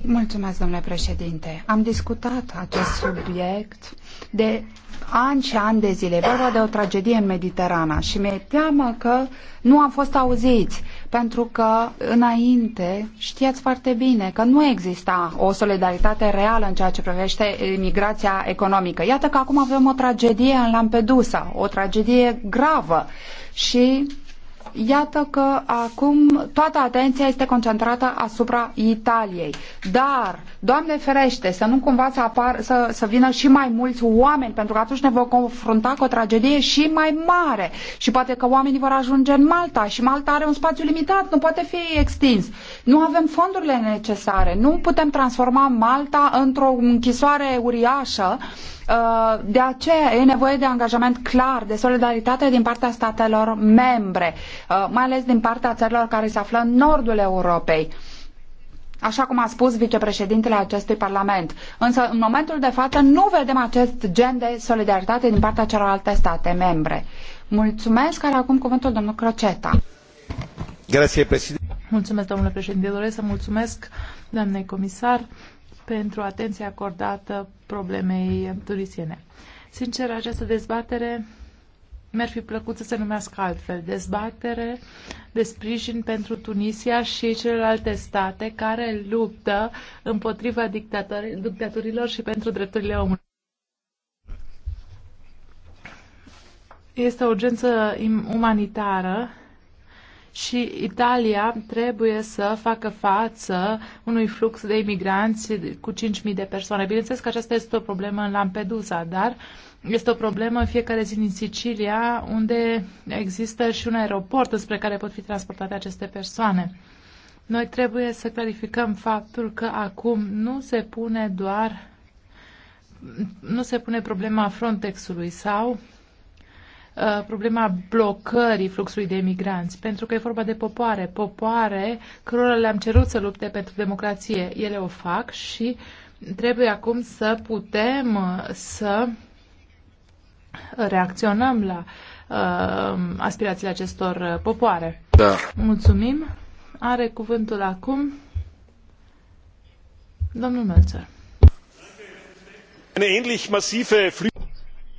Mulțumesc, domnule președinte. Am discutat acest subiect de ani și ani de zile. E vorba de o tragedie în Mediterana și mi-e teamă că nu am fost auziți, pentru că înainte știați foarte bine că nu exista o solidaritate reală în ceea ce privește migrația economică. Iată că acum avem o tragedie în Lampedusa, o tragedie gravă și iată că acum toată atenția este concentrată asupra Italiei. Dar, Doamne ferește, să nu cumva să, apar, să, să vină și mai mulți oameni, pentru că atunci ne vom confrunta cu o tragedie și mai mare. Și poate că oamenii vor ajunge în Malta și Malta are un spațiu limitat, nu poate fi extins. Nu avem fondurile necesare, nu putem transforma Malta într-o închisoare uriașă uh, Uh, de aceea e nevoie de angajament clar, de solidaritate din partea statelor membre, uh, mai ales din partea țărilor care se află în nordul Europei așa cum a spus vicepreședintele acestui Parlament. Însă, în momentul de față, nu vedem acest gen de solidaritate din partea celorlalte state membre. Mulțumesc, care acum cuvântul domnul Croceta. Grazie, președinte. Mulțumesc, domnule președinte. Doresc să mulțumesc, doamnei comisar, pentru atenția acordată problemei tunisiene. Sincer, această dezbatere mi-ar fi plăcut să se numească altfel, dezbatere de sprijin pentru Tunisia și celelalte state care luptă împotriva dictaturilor și pentru drepturile omului. Este o urgență umanitară și Italia trebuie să facă față unui flux de imigranți cu 5.000 de persoane. Bineînțeles că aceasta este o problemă în Lampedusa, dar este o problemă în fiecare zi în Sicilia, unde există și un aeroport spre care pot fi transportate aceste persoane. Noi trebuie să clarificăm faptul că acum nu se pune doar nu se pune problema Frontexului sau Uh, problema blocării fluxului de emigranți, pentru că e vorba de popoare, popoare cărora le-am cerut să lupte pentru democrație. Ele o fac și trebuie acum să putem uh, să reacționăm la uh, aspirațiile acestor uh, popoare. Da. Mulțumim. Are cuvântul acum domnul massive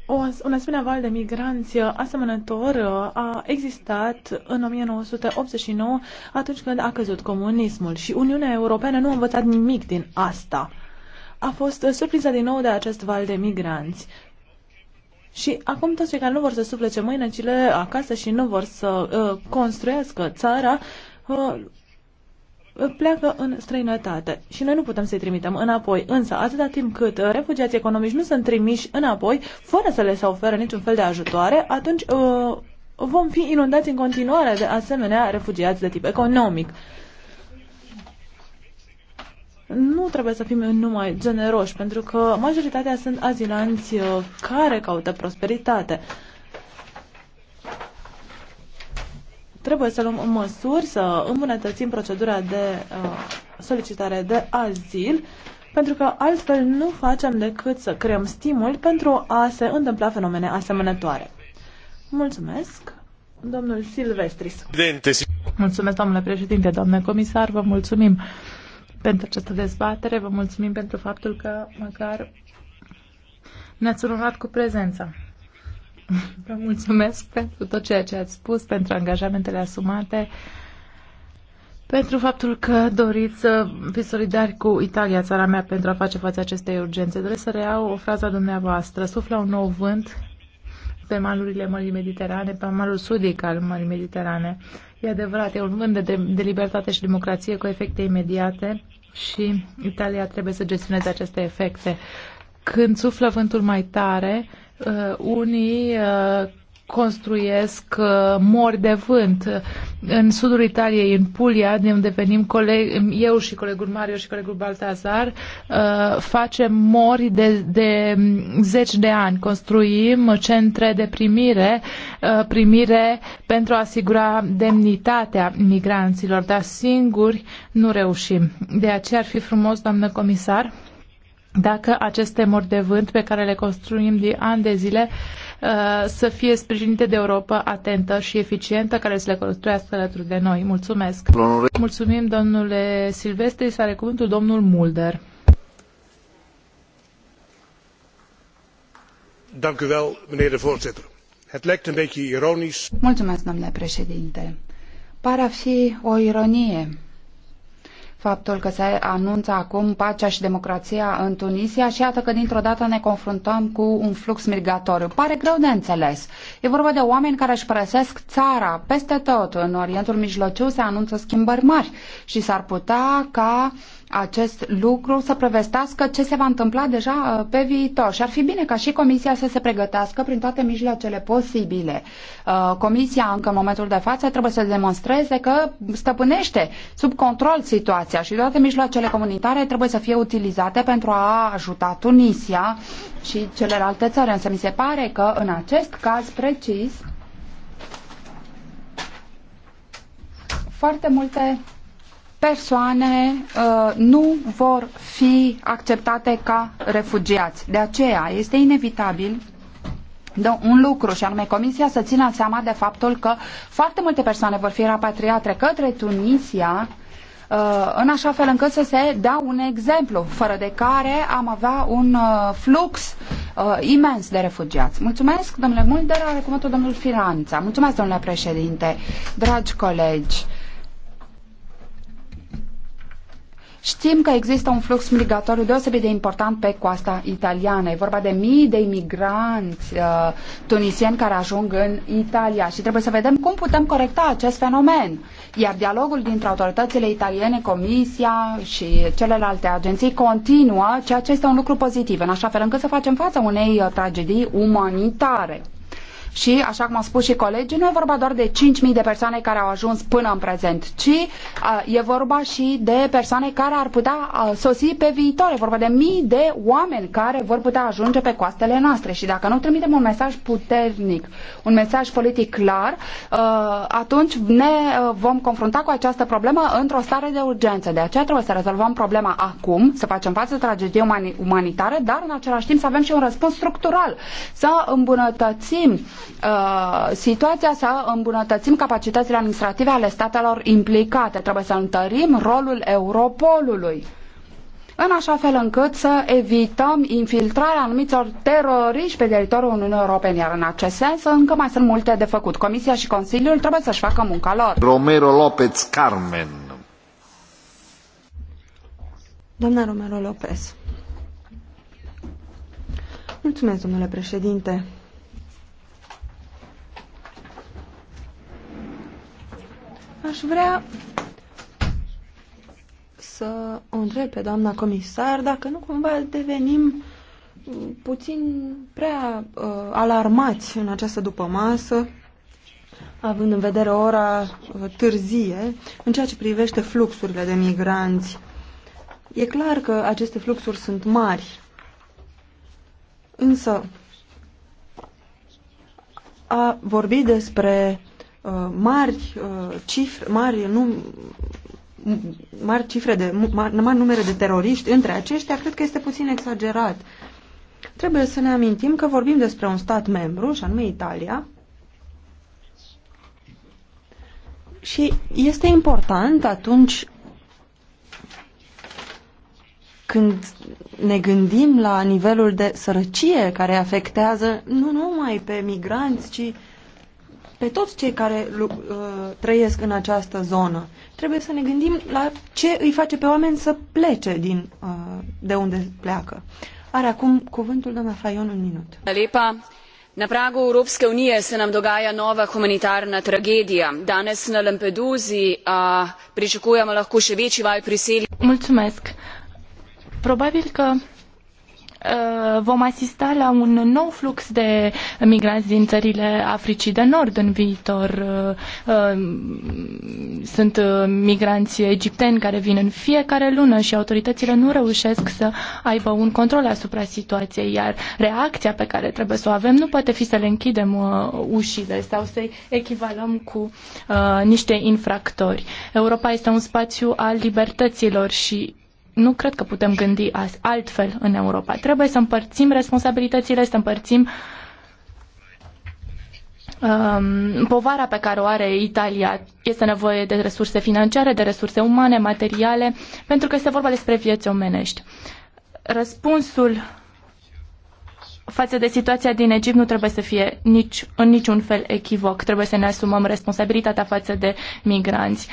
o, un asemenea val de migranți uh, asemănător uh, a existat în 1989 atunci când a căzut comunismul și Uniunea Europeană nu a învățat nimic din asta. A fost uh, surprinsă din nou de acest val de migranți. Și acum toți cei care nu vor să suflece mâinăcile acasă și nu vor să uh, construiască țara uh, pleacă în străinătate și noi nu putem să-i trimitem înapoi. Însă, atâta timp cât uh, refugiații economici nu sunt trimiși înapoi, fără să le se oferă niciun fel de ajutoare, atunci uh, vom fi inundați în continuare de asemenea refugiați de tip economic. Nu trebuie să fim numai generoși, pentru că majoritatea sunt azilanți uh, care caută prosperitate. Uh, Trebuie să luăm măsuri să îmbunătățim procedura de uh, solicitare de azil, pentru că altfel nu facem decât să creăm stimul pentru a se întâmpla fenomene asemănătoare. Mulțumesc, domnul Silvestris. Mulțumesc, domnule președinte, doamne comisar, vă mulțumim pentru această dezbatere, vă mulțumim pentru faptul că măcar ne-ați urmat cu prezența. Vă mulțumesc pentru tot ceea ce ați spus, pentru angajamentele asumate, pentru faptul că doriți să fiți solidari cu Italia, țara mea, pentru a face față acestei urgențe. Doresc să reiau o frază a dumneavoastră. Sufla un nou vânt pe malurile Mării Mediterane, pe malul sudic al Mării Mediterane. E adevărat, e un vânt de, de, de libertate și democrație cu efecte imediate și Italia trebuie să gestioneze aceste efecte. Când suflă vântul mai tare, uh, Uh, unii uh, construiesc uh, mori de vânt. În sudul Italiei, în Puglia, de unde venim coleg, eu și colegul Mario și colegul Baltazar, uh, facem mori de, de um, zeci de ani. Construim centre de primire, uh, primire pentru a asigura demnitatea migranților, dar singuri nu reușim. De aceea ar fi frumos, doamnă comisar, dacă aceste mori de vânt pe care le construim de ani de zile uh, să fie sprijinite de Europa atentă și eficientă care să le construiască alături de noi. Mulțumesc! Mulțumim, domnule Silvestri, să are cuvântul domnul Mulder. Mulțumesc, domnule președinte. Pare a fi o ironie faptul că se anunță acum pacea și democrația în Tunisia și iată că dintr-o dată ne confruntăm cu un flux migratoriu. Pare greu de înțeles. E vorba de oameni care își părăsesc țara peste tot. În Orientul Mijlociu se anunță schimbări mari și s-ar putea ca acest lucru să prevestească ce se va întâmpla deja uh, pe viitor. Și ar fi bine ca și Comisia să se pregătească prin toate mijloacele posibile. Uh, Comisia, încă în momentul de față, trebuie să demonstreze că stăpânește sub control situația Tunisia și toate mijloacele comunitare trebuie să fie utilizate pentru a ajuta Tunisia și celelalte țări. Însă mi se pare că în acest caz precis foarte multe persoane uh, nu vor fi acceptate ca refugiați. De aceea este inevitabil un lucru și anume Comisia să țină seama de faptul că foarte multe persoane vor fi repatriate către Tunisia Uh, în așa fel încât să se dea un exemplu, fără de care am avea un uh, flux uh, imens de refugiați. Mulțumesc, domnule Mulder, are cuvântul domnul Firanța. Mulțumesc, domnule președinte, dragi colegi. Știm că există un flux migratoriu deosebit de important pe coasta italiană. E vorba de mii de imigranți uh, tunisieni care ajung în Italia și trebuie să vedem cum putem corecta acest fenomen. Iar dialogul dintre autoritățile italiene, Comisia și celelalte agenții continuă, ceea ce este un lucru pozitiv, în așa fel încât să facem față unei uh, tragedii umanitare și, așa cum au spus și colegii, nu e vorba doar de 5.000 de persoane care au ajuns până în prezent, ci uh, e vorba și de persoane care ar putea uh, sosi pe viitor. E vorba de mii de oameni care vor putea ajunge pe coastele noastre și dacă nu trimitem un mesaj puternic, un mesaj politic clar, uh, atunci ne uh, vom confrunta cu această problemă într-o stare de urgență. De aceea trebuie să rezolvăm problema acum, să facem față tragediei umani umanitare, dar în același timp să avem și un răspuns structural, să îmbunătățim uh, Uh, situația să îmbunătățim capacitățile administrative ale statelor implicate. Trebuie să întărim rolul Europolului în așa fel încât să evităm infiltrarea anumitor teroriști pe teritoriul Uniunii Europene. Iar în acest sens încă mai sunt multe de făcut. Comisia și Consiliul trebuie să-și facă munca lor. Romero López Carmen. Doamna Romero López. Mulțumesc, domnule președinte. Aș vrea să o întreb pe doamna comisar dacă nu cumva devenim puțin prea uh, alarmați în această dupămasă, având în vedere ora uh, târzie, în ceea ce privește fluxurile de migranți. E clar că aceste fluxuri sunt mari, însă a vorbi despre Uh, mari uh, cifre, mari, num, mari cifre de mari, mari numere de teroriști între aceștia, cred că este puțin exagerat. Trebuie să ne amintim că vorbim despre un stat membru, și anume Italia, și este important atunci când ne gândim la nivelul de sărăcie care afectează nu numai pe migranți, ci pe toți cei care uh, trăiesc în această zonă. Trebuie să ne gândim la ce îi face pe oameni să plece din, uh, de unde pleacă. Are acum cuvântul doamna Faion un minut. Alipa, Na pragu Europske unije se nam dogaja nova humanitarna tragedija. Danes na Lampeduzi a, pričakujemo lahko še večji val priseljencev. Mulțumesc. Probabil că Uh, vom asista la un nou flux de migranți din țările Africii de Nord în viitor. Uh, uh, sunt migranți egipteni care vin în fiecare lună și autoritățile nu reușesc să aibă un control asupra situației, iar reacția pe care trebuie să o avem nu poate fi să le închidem ușile sau să-i echivalăm cu niște infractori. Europa este un spațiu al libertăților și nu cred că putem gândi altfel în Europa. Trebuie să împărțim responsabilitățile, să împărțim um, povara pe care o are Italia. Este nevoie de resurse financiare, de resurse umane, materiale, pentru că este vorba despre vieți omenești. Răspunsul față de situația din Egipt nu trebuie să fie nici, în niciun fel echivoc. Trebuie să ne asumăm responsabilitatea față de migranți.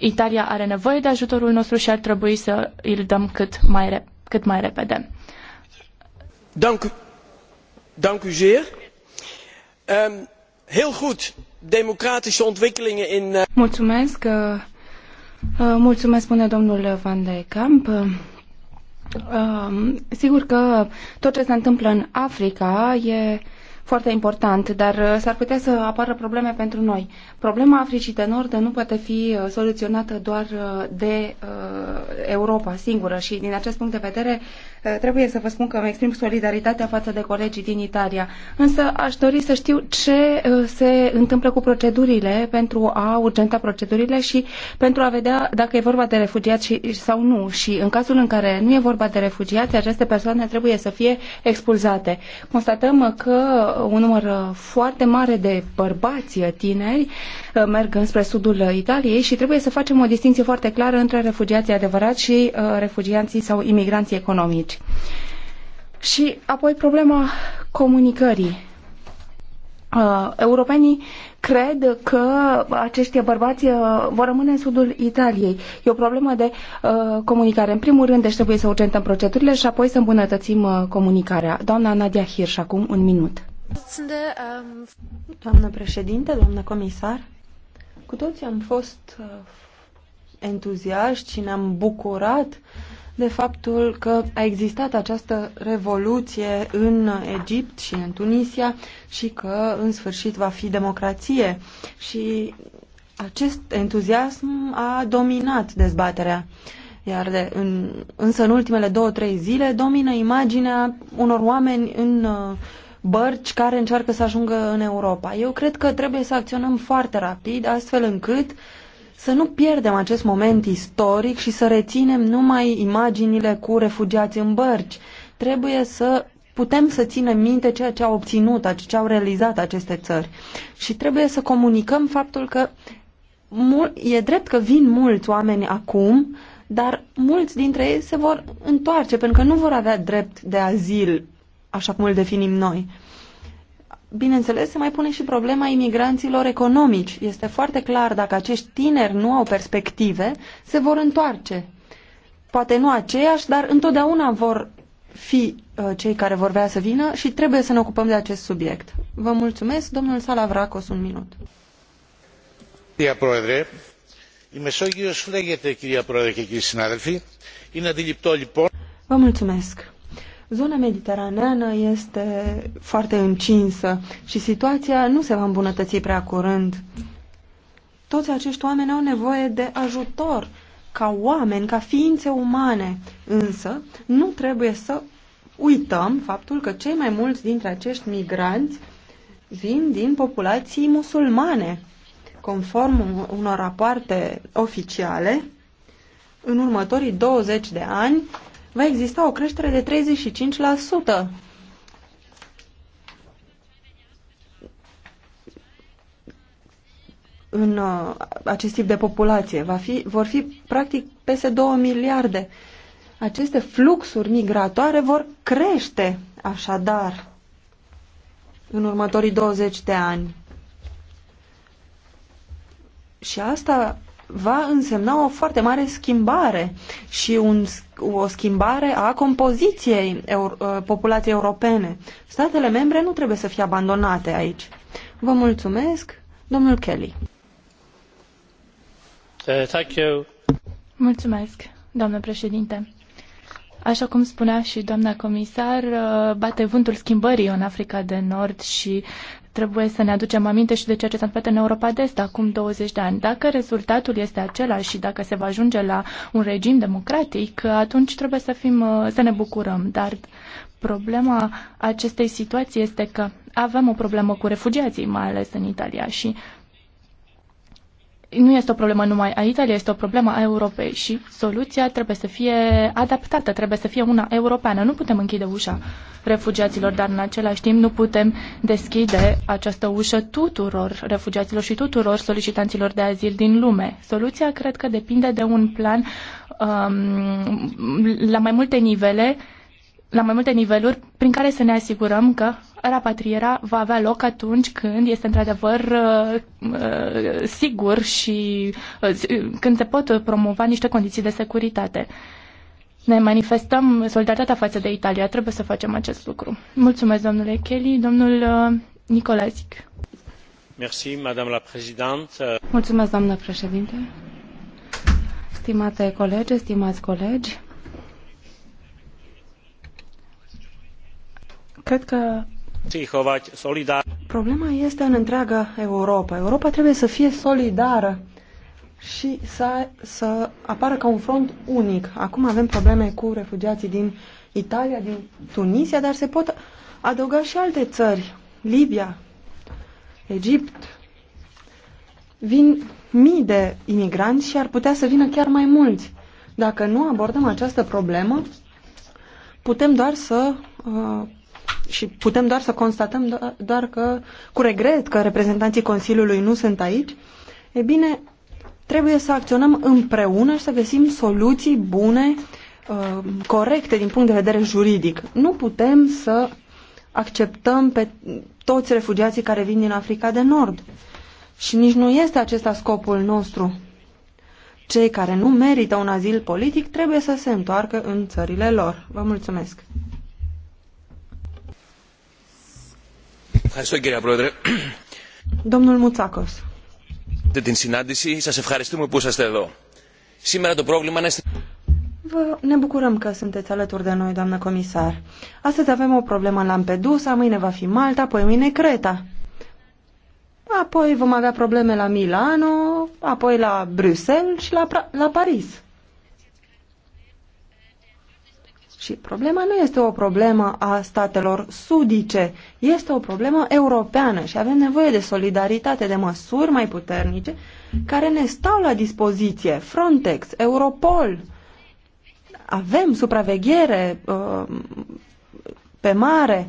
Italia are nevoie de ajutorul nostru și ar trebui să îl dăm cât mai, cât mai repede. Dank, dank u zeer. Um, heel goed, democratische ontwikkelingen in... Uh... Mulțumesc, uh, mulțumesc, spune domnul Van de Kamp. Uh, sigur că tot ce se întâmplă în Africa e foarte important, dar uh, s-ar putea să apară probleme pentru noi. Problema Africii de Nord nu poate fi uh, soluționată doar uh, de Europa singură și din acest punct de vedere trebuie să vă spun că îmi exprim solidaritatea față de colegii din Italia. Însă aș dori să știu ce se întâmplă cu procedurile pentru a urgenta procedurile și pentru a vedea dacă e vorba de refugiați sau nu. Și în cazul în care nu e vorba de refugiați, aceste persoane trebuie să fie expulzate. Constatăm că un număr uh, foarte mare de bărbați uh, tineri uh, merg înspre sudul Italiei și trebuie să facem o distinție foarte clară între refugiații adevărați și refugiații sau imigranții economici. Și apoi problema comunicării. Europenii cred că acești bărbați vor rămâne în sudul Italiei. E o problemă de uh, comunicare. În primul rând, deci trebuie să urgentăm procedurile și apoi să îmbunătățim uh, comunicarea. Doamna Nadia Hirsch, acum un minut. Um, doamnă președinte, doamnă comisar, cu toții am fost uh, entuziaști și ne-am bucurat de faptul că a existat această revoluție în Egipt și în Tunisia și că în sfârșit va fi democrație. Și acest entuziasm a dominat dezbaterea. Iar de, în, însă în ultimele două-trei zile domină imaginea unor oameni în uh, bărci care încearcă să ajungă în Europa. Eu cred că trebuie să acționăm foarte rapid, astfel încât să nu pierdem acest moment istoric și să reținem numai imaginile cu refugiați în bărci. Trebuie să putem să ținem minte ceea ce au obținut, ce au realizat aceste țări. Și trebuie să comunicăm faptul că e drept că vin mulți oameni acum, dar mulți dintre ei se vor întoarce pentru că nu vor avea drept de azil așa cum îl definim noi. Bineînțeles, se mai pune și problema imigranților economici. Este foarte clar, dacă acești tineri nu au perspective, se vor întoarce. Poate nu aceiași, dar întotdeauna vor fi uh, cei care vor vrea să vină și trebuie să ne ocupăm de acest subiect. Vă mulțumesc, domnul Salavracos, un minut. Κυρία Πρόεδρε, η Μεσόγειος φλέγεται, κυρία Πρόεδρε και κύριοι συνάδελφοι. Είναι αντιληπτό λοιπόν... Vă mulțumesc. Zona mediteraneană este foarte încinsă și situația nu se va îmbunătăți prea curând. Toți acești oameni au nevoie de ajutor ca oameni, ca ființe umane, însă nu trebuie să uităm faptul că cei mai mulți dintre acești migranți vin din populații musulmane. Conform unor rapoarte oficiale, în următorii 20 de ani, va exista o creștere de 35%. în uh, acest tip de populație. Va fi, vor fi practic peste 2 miliarde. Aceste fluxuri migratoare vor crește așadar în următorii 20 de ani. Și asta va însemna o foarte mare schimbare și un o schimbare a compoziției uh, populației europene. Statele membre nu trebuie să fie abandonate aici. Vă mulțumesc, domnul Kelly. Uh, thank you. Mulțumesc, doamnă președinte. Așa cum spunea și doamna comisar, uh, bate vântul schimbării în Africa de Nord și Trebuie să ne aducem aminte și de ceea ce s-a întâmplat în Europa de Est acum 20 de ani. Dacă rezultatul este același și dacă se va ajunge la un regim democratic, atunci trebuie să, fim, uh, să ne bucurăm. Dar problema acestei situații este că avem o problemă cu refugiații, mai ales în Italia și nu este o problemă numai a Italiei, este o problemă a Europei și soluția trebuie să fie adaptată, trebuie să fie una europeană. Nu putem închide ușa refugiaților, dar în același timp nu putem deschide această ușă tuturor refugiaților și tuturor solicitanților de azil din lume. Soluția cred că depinde de un plan um, la mai multe nivele la mai multe niveluri prin care să ne asigurăm că repatrierea va avea loc atunci când este într-adevăr uh, uh, sigur și uh, când se pot promova niște condiții de securitate. Ne manifestăm solidaritatea față de Italia. Trebuie să facem acest lucru. Mulțumesc, domnule Kelly. Domnul Nicolazic. Merci, madame la présidente. Mulțumesc, doamnă președinte. Stimate colegi, stimați colegi, Cred că problema este în întreaga Europa. Europa trebuie să fie solidară și să, să apară ca un front unic. Acum avem probleme cu refugiații din Italia, din Tunisia, dar se pot adăuga și alte țări. Libia, Egipt. Vin mii de imigranți și ar putea să vină chiar mai mulți. Dacă nu abordăm această problemă, putem doar să uh, și putem doar să constatăm do doar că, cu regret că reprezentanții Consiliului nu sunt aici, e bine, trebuie să acționăm împreună și să găsim soluții bune, uh, corecte din punct de vedere juridic. Nu putem să acceptăm pe toți refugiații care vin din Africa de Nord. Și nici nu este acesta scopul nostru. Cei care nu merită un azil politic trebuie să se întoarcă în țările lor. Vă mulțumesc! Την συνάντηση. Σας ευχαριστούμε που είσαστε εδώ. Σήμερα το πρόβλημα είναι... Vă, ne bucurăm că sunteți alături de noi, doamnă comisar. Astăzi avem o problemă în Lampedusa, mâine va fi Malta, apoi mâine Creta. Apoi vom avea probleme la Milano, apoi la Bruxelles și la, la Paris. Și problema nu este o problemă a statelor sudice, este o problemă europeană și avem nevoie de solidaritate, de măsuri mai puternice care ne stau la dispoziție. Frontex, Europol, avem supraveghere uh, pe mare,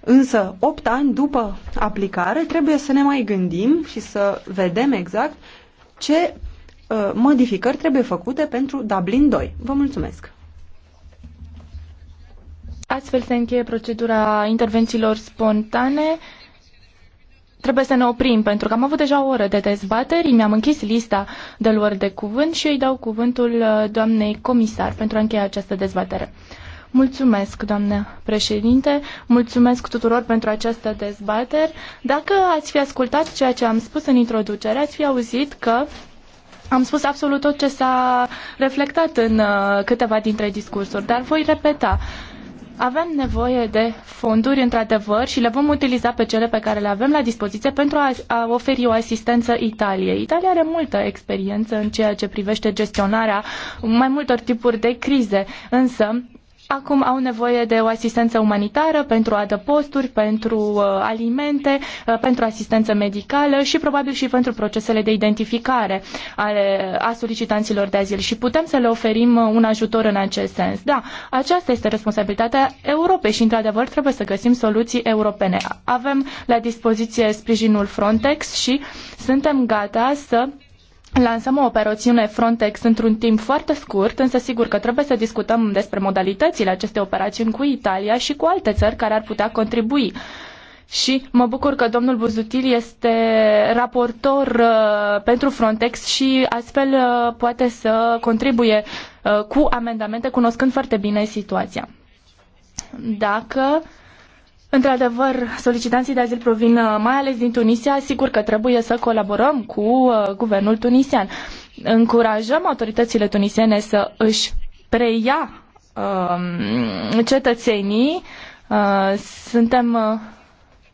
însă 8 ani după aplicare trebuie să ne mai gândim și să vedem exact ce uh, modificări trebuie făcute pentru Dublin 2. Vă mulțumesc! Astfel se încheie procedura intervențiilor spontane. Trebuie să ne oprim, pentru că am avut deja o oră de dezbateri, mi-am închis lista de luări de cuvânt și îi dau cuvântul uh, doamnei comisar pentru a încheia această dezbatere. Mulțumesc, doamnă președinte, mulțumesc tuturor pentru această dezbatere. Dacă ați fi ascultat ceea ce am spus în introducere, ați fi auzit că am spus absolut tot ce s-a reflectat în uh, câteva dintre discursuri, dar voi repeta. Uh, avem nevoie de fonduri, într-adevăr, și le vom utiliza pe cele pe care le avem la dispoziție pentru a, oferi o asistență Italiei. Italia are multă experiență în ceea ce privește gestionarea mai multor tipuri de crize, însă acum au nevoie de o asistență umanitară pentru adăposturi, pentru uh, alimente, uh, pentru asistență medicală și probabil și pentru procesele de identificare ale, a solicitanților de azil și putem să le oferim uh, un ajutor în acest sens. Da, aceasta este responsabilitatea Europei și într-adevăr trebuie să găsim soluții europene. Avem la dispoziție sprijinul Frontex și suntem gata să Lansăm o operațiune Frontex într-un timp foarte scurt, însă sigur că trebuie să discutăm despre modalitățile acestei operațiuni cu Italia și cu alte țări care ar putea contribui. Și mă bucur că domnul Buzutil este raportor uh, pentru Frontex și astfel uh, poate să contribuie uh, cu amendamente, cunoscând foarte bine situația. Dacă uh, Într-adevăr, solicitanții de azil provin uh, mai ales din Tunisia. Sigur că trebuie să colaborăm cu uh, guvernul tunisian. Încurajăm autoritățile tunisiene să își preia um, cetățenii. Uh, suntem uh,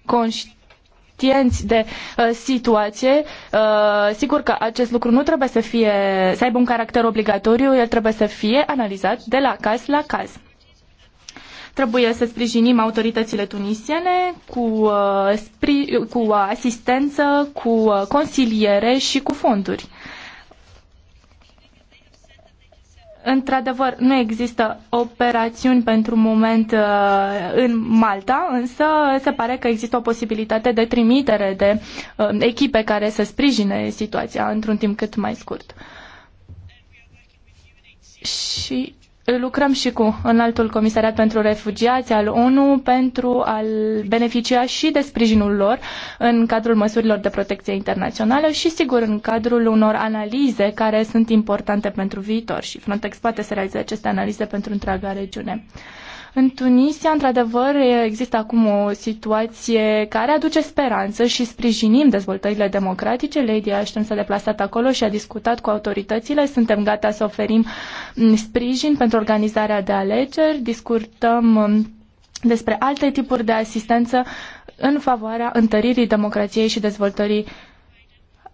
conștienți de uh, situație. Uh, sigur că acest lucru nu trebuie să fie, să aibă un caracter obligatoriu, el trebuie să fie analizat de la caz la caz. Trebuie să sprijinim autoritățile tunisiene cu, uh, spri- cu asistență, cu uh, consiliere și cu fonduri. Într-adevăr, nu există operațiuni pentru moment uh, în Malta, însă se pare că există o posibilitate de trimitere de echipe care să sprijine situația într-un timp cât mai scurt. Și lucrăm și cu înaltul comisariat pentru refugiați al ONU pentru a beneficia și de sprijinul lor în cadrul măsurilor de protecție internațională și, sigur, în cadrul unor analize care sunt importante pentru viitor și Frontex poate să realizeze aceste analize pentru întreaga regiune. În Tunisia, într-adevăr, există acum o situație care aduce speranță și sprijinim dezvoltările democratice. Lady Ashton s-a deplasat acolo și a discutat cu autoritățile. Suntem gata să oferim mm, sprijin pentru organizarea de alegeri. Discutăm mm, despre alte tipuri de asistență în favoarea întăririi democrației și dezvoltării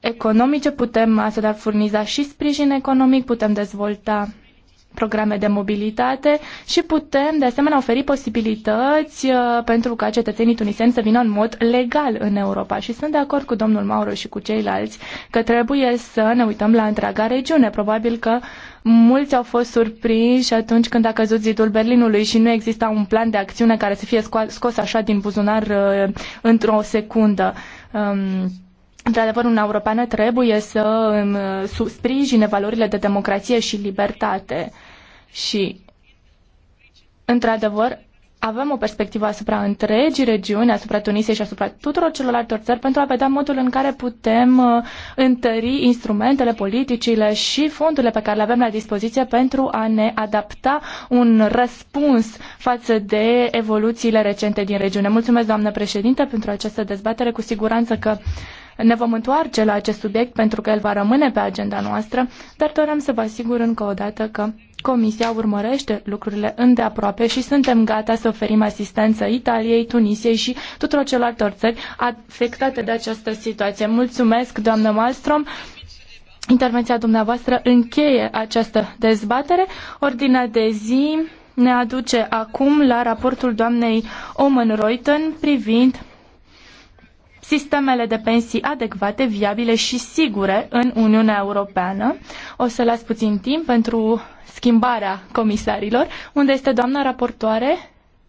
economice. Putem astfel furniza și sprijin economic, putem dezvolta programe de mobilitate și putem de asemenea oferi posibilități uh, pentru ca cetățenii tuniseni să vină în mod legal în Europa. Și sunt de acord cu domnul Mauro și cu ceilalți că trebuie să ne uităm la întreaga regiune. Probabil că mulți au fost surprinși atunci când a căzut zidul Berlinului și nu exista un plan de acțiune care să fie scos așa din buzunar uh, într-o secundă. Um, într-adevăr, Uniunea Europeană trebuie să um, uh, sprijine valorile de democrație și libertate și, într-adevăr, avem o perspectivă asupra întregii regiuni, asupra Tunisiei și asupra tuturor celorlalte țări pentru a vedea modul în care putem uh, întări instrumentele, politicile și fondurile pe care le avem la dispoziție pentru a ne adapta un răspuns față de evoluțiile recente din regiune. Mulțumesc, doamnă președinte, pentru această dezbatere. Cu siguranță că ne vom întoarce la acest subiect pentru că el va rămâne pe agenda noastră, dar dorem să vă asigur încă o dată că Comisia urmărește lucrurile îndeaproape și suntem gata să oferim asistență Italiei, Tunisiei și tuturor celor țări afectate de această situație. Mulțumesc, doamnă Malmström. Intervenția dumneavoastră încheie această dezbatere. Ordinea de zi ne aduce acum la raportul doamnei Omen Reuten privind sistemele de pensii adecvate, viabile și sigure în Uniunea Europeană. O să las puțin timp pentru schimbarea comisarilor. Unde este doamna raportoare?